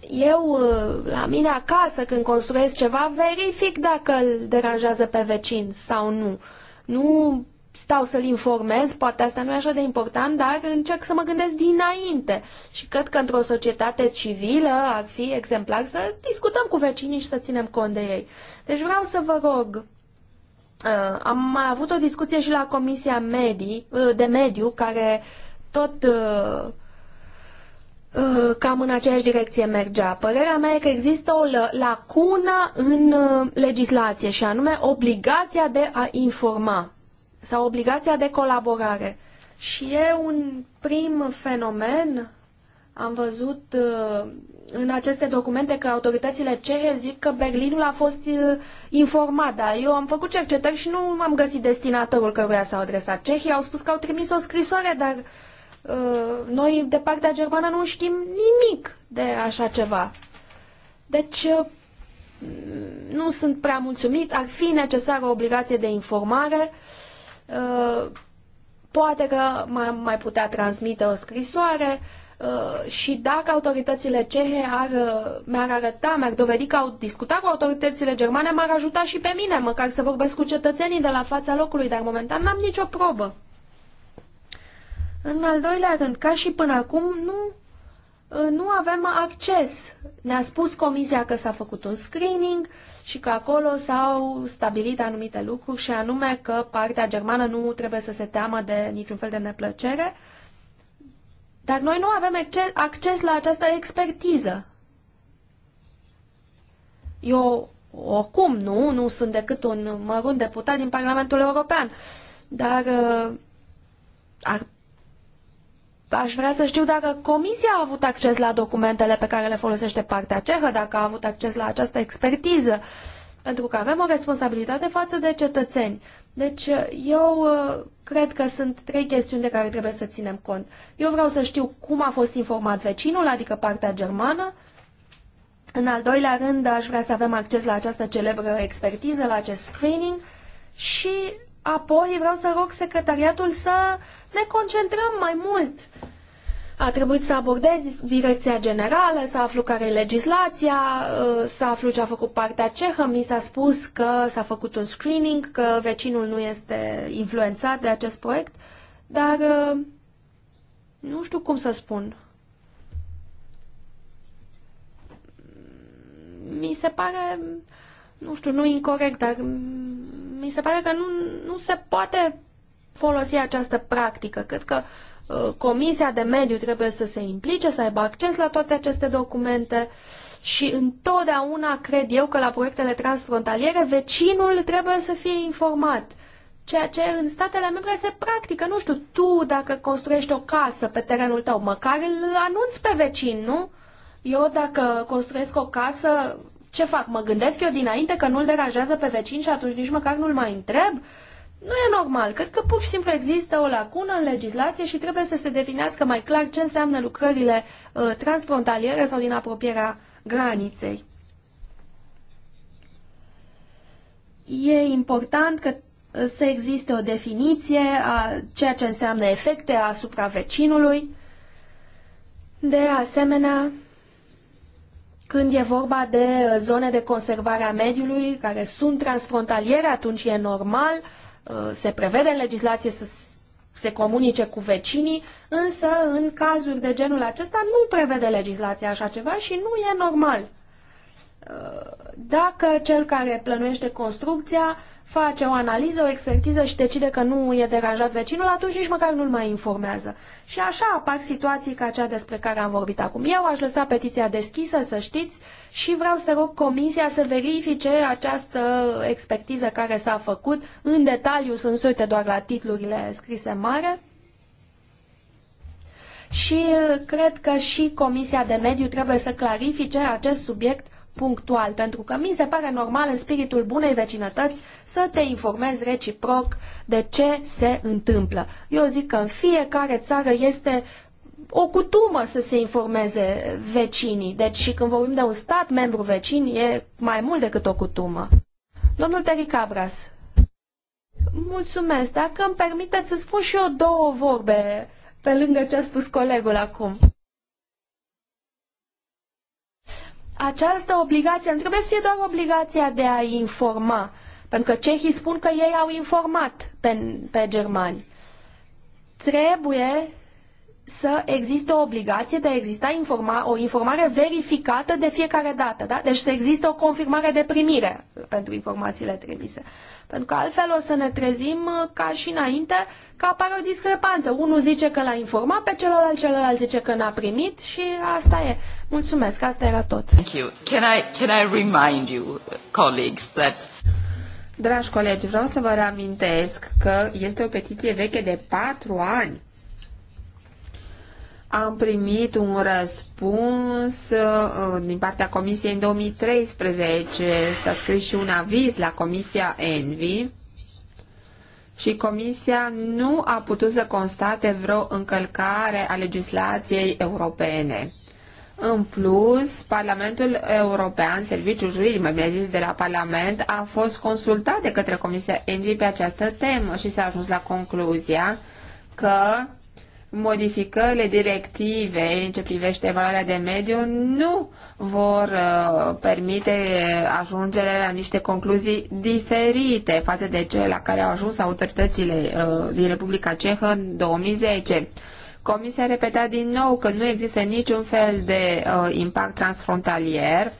A: eu, uh, la mine acasă, când construiesc ceva, verific dacă îl deranjează pe vecin sau nu. Nu stau să-l informez, poate asta nu e așa de important, dar încerc să mă gândesc dinainte. Și cred că într-o societate civilă ar fi exemplar să discutăm cu vecinii și să ținem cont de ei. Deci vreau să vă rog, uh, am mai avut o discuție și la Comisia Medii, uh, de Mediu, care tot Uh, cam în aceeași direcție mergea. Părerea mea e că există o lacună în uh, legislație și anume obligația de a informa sau obligația de colaborare. Și e un prim fenomen, am văzut uh, în aceste documente că autoritățile cehe zic că Berlinul a fost informat, dar eu am făcut cercetări și nu am găsit destinatorul căruia s-au adresat. Cehii au spus că au trimis o scrisoare, dar Uh, noi, de partea germană, nu știm nimic de așa ceva. Deci, uh, nu sunt prea mulțumit. Ar fi necesară o obligație de informare. Uh, poate că mai putea transmite o scrisoare și dacă autoritățile cehe ar, mi-ar arăta, mi-ar dovedi că au discutat cu autoritățile germane, m-ar ajuta și pe mine, măcar să vorbesc cu cetățenii de la fața locului, dar momentan n-am nicio probă. În al doilea rând, ca și până acum, nu, ă, nu avem acces. Ne-a spus comisia că s-a făcut un screening și că acolo s-au stabilit anumite lucruri și anume că partea germană nu trebuie să se teamă de niciun fel de neplăcere, dar noi nu avem acces la această expertiză. Eu oricum nu, nu sunt decât un mărunt deputat din Parlamentul European, dar ă, ar aș vrea să știu dacă Comisia a avut acces la documentele pe care le folosește partea cehă, dacă a avut acces la această expertiză, pentru că avem o responsabilitate față de cetățeni. Deci eu uh, cred că sunt trei chestiuni de care trebuie să ținem cont. Eu vreau să știu cum a fost informat vecinul, adică partea germană. În al doilea rând, aș vrea să avem acces la această celebră expertiză, la acest screening. Și Apoi vreau să rog secretariatul să ne concentrăm mai mult. A trebuit să abordez direcția generală, să aflu care e legislația, uh, să aflu ce a făcut partea cehă. Mi s-a spus că s-a făcut un screening, că vecinul nu este influențat de acest proiect, dar uh, nu știu cum să spun. Mi se pare nu știu, nu incorrect, dar mi se pare că nu, nu se poate folosi această practică. Cred că uh, Comisia de Mediu trebuie să se implice, să aibă acces la toate aceste documente și întotdeauna cred eu că la proiectele transfrontaliere vecinul trebuie să fie informat. Ceea ce în statele membre se practică, nu știu, tu dacă construiești o casă pe terenul tău, măcar îl anunți pe vecin, nu? Eu dacă construiesc o casă ce fac? Mă gândesc eu dinainte că nu-l deranjează pe vecin și atunci nici măcar nu-l mai întreb? Nu e normal. Cred că pur și simplu există o lacună în legislație și trebuie să se definească mai clar ce înseamnă lucrările uh, transfrontaliere sau din apropierea graniței. E important că uh, să existe o definiție a ceea ce înseamnă efecte asupra vecinului. De asemenea, când e vorba de uh, zone de conservare a mediului, care sunt transfrontaliere, atunci e normal, uh, se prevede în legislație să se comunice cu vecinii, însă în cazuri de genul acesta nu prevede legislația așa ceva și nu e normal. Uh, dacă cel care plănuiește construcția face o analiză, o expertiză și decide că nu e deranjat vecinul, atunci nici măcar nu-l mai informează. Și așa apar situații ca cea despre care am vorbit acum. Eu aș lăsa petiția deschisă, să știți, și vreau să rog comisia să verifice această expertiză care s-a făcut. În detaliu sunt se uite doar la titlurile scrise mare. Și cred că și Comisia de Mediu trebuie să clarifice acest subiect punctual, pentru că mi se pare normal în spiritul bunei vecinătăți să te informezi reciproc de ce se întâmplă. Eu zic că în fiecare țară este o cutumă să se informeze vecinii. Deci și când vorbim de un stat membru vecin, e mai mult decât o cutumă. Domnul Teri Cabras, mulțumesc. Dacă îmi permiteți să spun și eu două vorbe pe lângă ce a spus colegul acum. această obligație nu trebuie să fie doar obligația de a informa, pentru că cehii spun că ei au informat pe, pe germani. Trebuie să existe o obligație de a exista informa o informare verificată de fiecare dată. Da? Deci să existe o confirmare de primire pentru informațiile trimise. Pentru că altfel o să ne trezim uh, ca și înainte că apare o discrepanță. Unul zice că l-a informat pe celălalt, celălalt zice că n-a primit
B: și asta e. Mulțumesc, asta era tot. Thank you. Can I, can I remind you, colleagues, that... Dragi colegi, vreau să vă reamintesc că este o petiție veche de patru ani am primit un răspuns uh, din partea Comisiei în 2013. S-a scris și un aviz la Comisia Envi și Comisia nu a putut să constate vreo încălcare a legislației europene. În plus, Parlamentul European, serviciul juridic, mai bine zis, de la Parlament, a fost consultat de către Comisia Envi pe această temă și s-a ajuns la concluzia că modificările directive în ce privește valoarea de mediu nu vor uh, permite ajungerea la niște concluzii diferite față de cele la care au ajuns autoritățile uh, din Republica Cehă în 2010. Comisia repetat din nou că nu există niciun fel de uh, impact transfrontalier,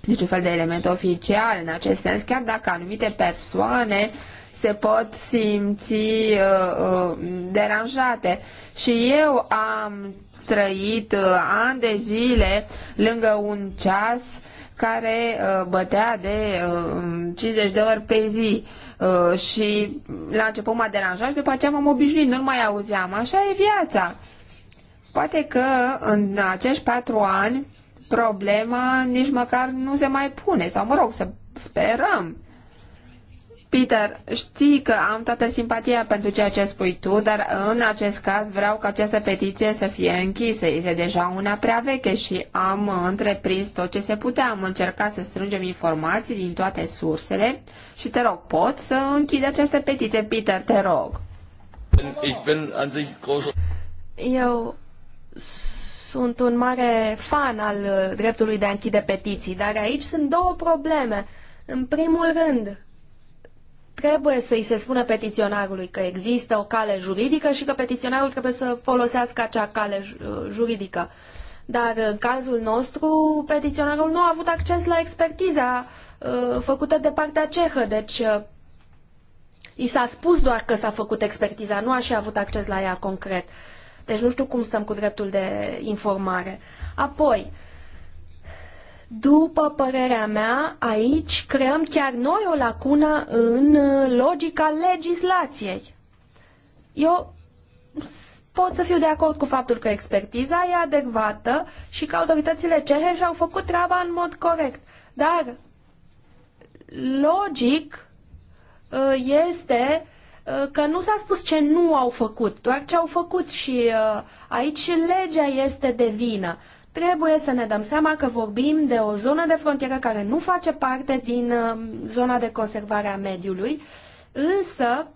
B: niciun fel de element oficial în acest sens, chiar dacă anumite persoane uh, se pot simți uh, uh, deranjate. Și eu am trăit uh, ani de zile lângă un ceas care uh, bătea de uh, 50 de ori pe zi uh, și la început m-a deranjat și după aceea m-am obișnuit, nu mai auzeam. Așa e viața. Poate că în acești patru ani problema nici măcar nu se mai pune, sau mă rog, să sperăm. Peter, știi că am toată simpatia pentru ceea ce spui tu, dar în acest caz vreau ca această petiție să fie închisă. Este deja una prea veche și am întreprins tot ce se putea. Am încercat să strângem informații din toate sursele și te rog, pot să închid această petiție, Peter, te rog. Eu
A: sunt un mare fan al dreptului de a închide petiții, dar aici sunt două probleme. În primul rând, Trebuie să i se spună petiționarului că există o cale juridică și că petiționarul trebuie să folosească acea cale uh, juridică. Dar în cazul nostru, petiționarul nu a avut acces la expertiza uh, făcută de partea cehă, deci uh, i s-a spus doar că s-a făcut expertiza, nu a și avut acces la ea concret. Deci nu știu cum stăm cu dreptul de informare. Apoi, uh, după părerea mea, aici creăm chiar noi o lacună în uh, logica legislației. Eu pot să fiu de acord cu faptul că expertiza e adecvată și că autoritățile cehe și-au făcut treaba în mod corect. Dar, logic, uh, este uh, că nu s-a spus ce nu au făcut, doar ce au făcut și aici legea este de vină trebuie să ne dăm seama că vorbim de o zonă de frontieră care nu face parte din uh, zona de conservare a mediului, însă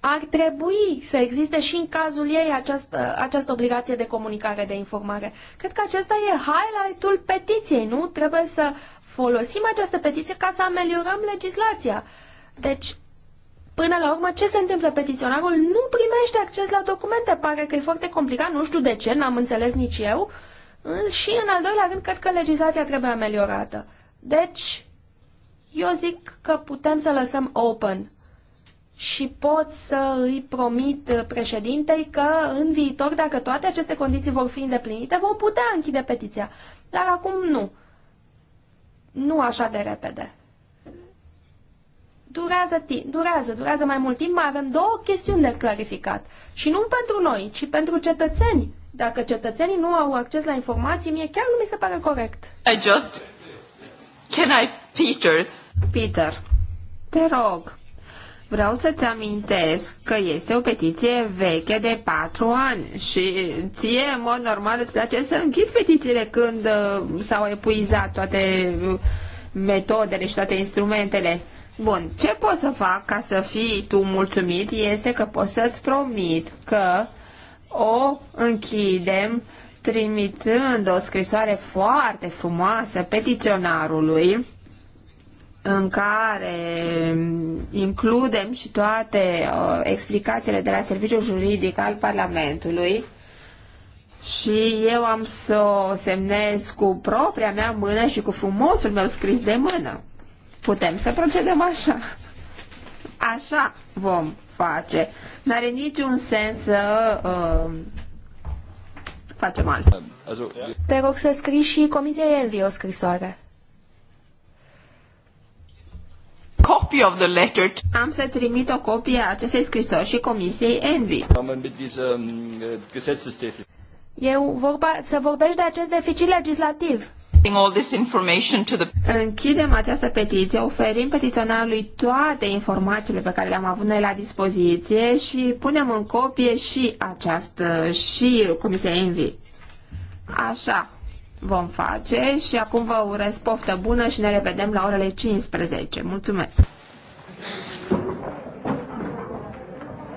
A: ar trebui să existe și în cazul ei această, uh, această obligație de comunicare, de informare. Cred că acesta e highlight-ul petiției, nu? Trebuie să folosim această petiție ca să ameliorăm legislația. Deci, Până la urmă, ce se întâmplă? Petiționarul nu primește acces la documente. Pare că e foarte complicat, nu știu de ce, n-am înțeles nici eu. Uh, și în al doilea rând, cred că legislația trebuie ameliorată. Deci, eu zic că putem să lăsăm open și pot să îi promit președintei că în viitor, dacă toate aceste condiții vor fi îndeplinite, vom putea închide petiția. Dar acum nu. Nu așa de repede. Durează, timp, durează, durează mai mult timp, mai avem două chestiuni de clarificat. Și nu pentru noi, ci pentru cetățeni dacă cetățenii nu
B: au acces la informații, mie chiar nu mi se pare corect. I just... Can I... Peter? Peter, te rog. Vreau să-ți amintesc că este o petiție veche de patru ani și ție, în mod normal, îți place să închizi petițiile când uh, s-au epuizat toate uh, metodele și toate instrumentele. Bun, ce pot să fac ca să fii tu mulțumit este că pot să-ți promit că o închidem trimițând o scrisoare foarte frumoasă peticionarului în care includem și toate uh, explicațiile de la Serviciul Juridic al Parlamentului și eu am să o semnez cu propria mea mână și cu frumosul meu scris de mână. Putem să procedăm așa. Așa vom face. N-are niciun sens să uh, facem altfel. Te rog să scrii și Comisiei Envi o scrisoare. Copy of the letter. Am să trimit o copie a acestei scrisori și Comisiei Envi. Äh, Eu vorba, să vorbești de acest deficit legislativ. Închidem această petiție, oferim petiționarului toate informațiile pe care le-am avut noi la dispoziție și punem în copie și această și Comisia Envi. Așa vom face și acum vă urez poftă bună și ne revedem la orele 15. Mulțumesc!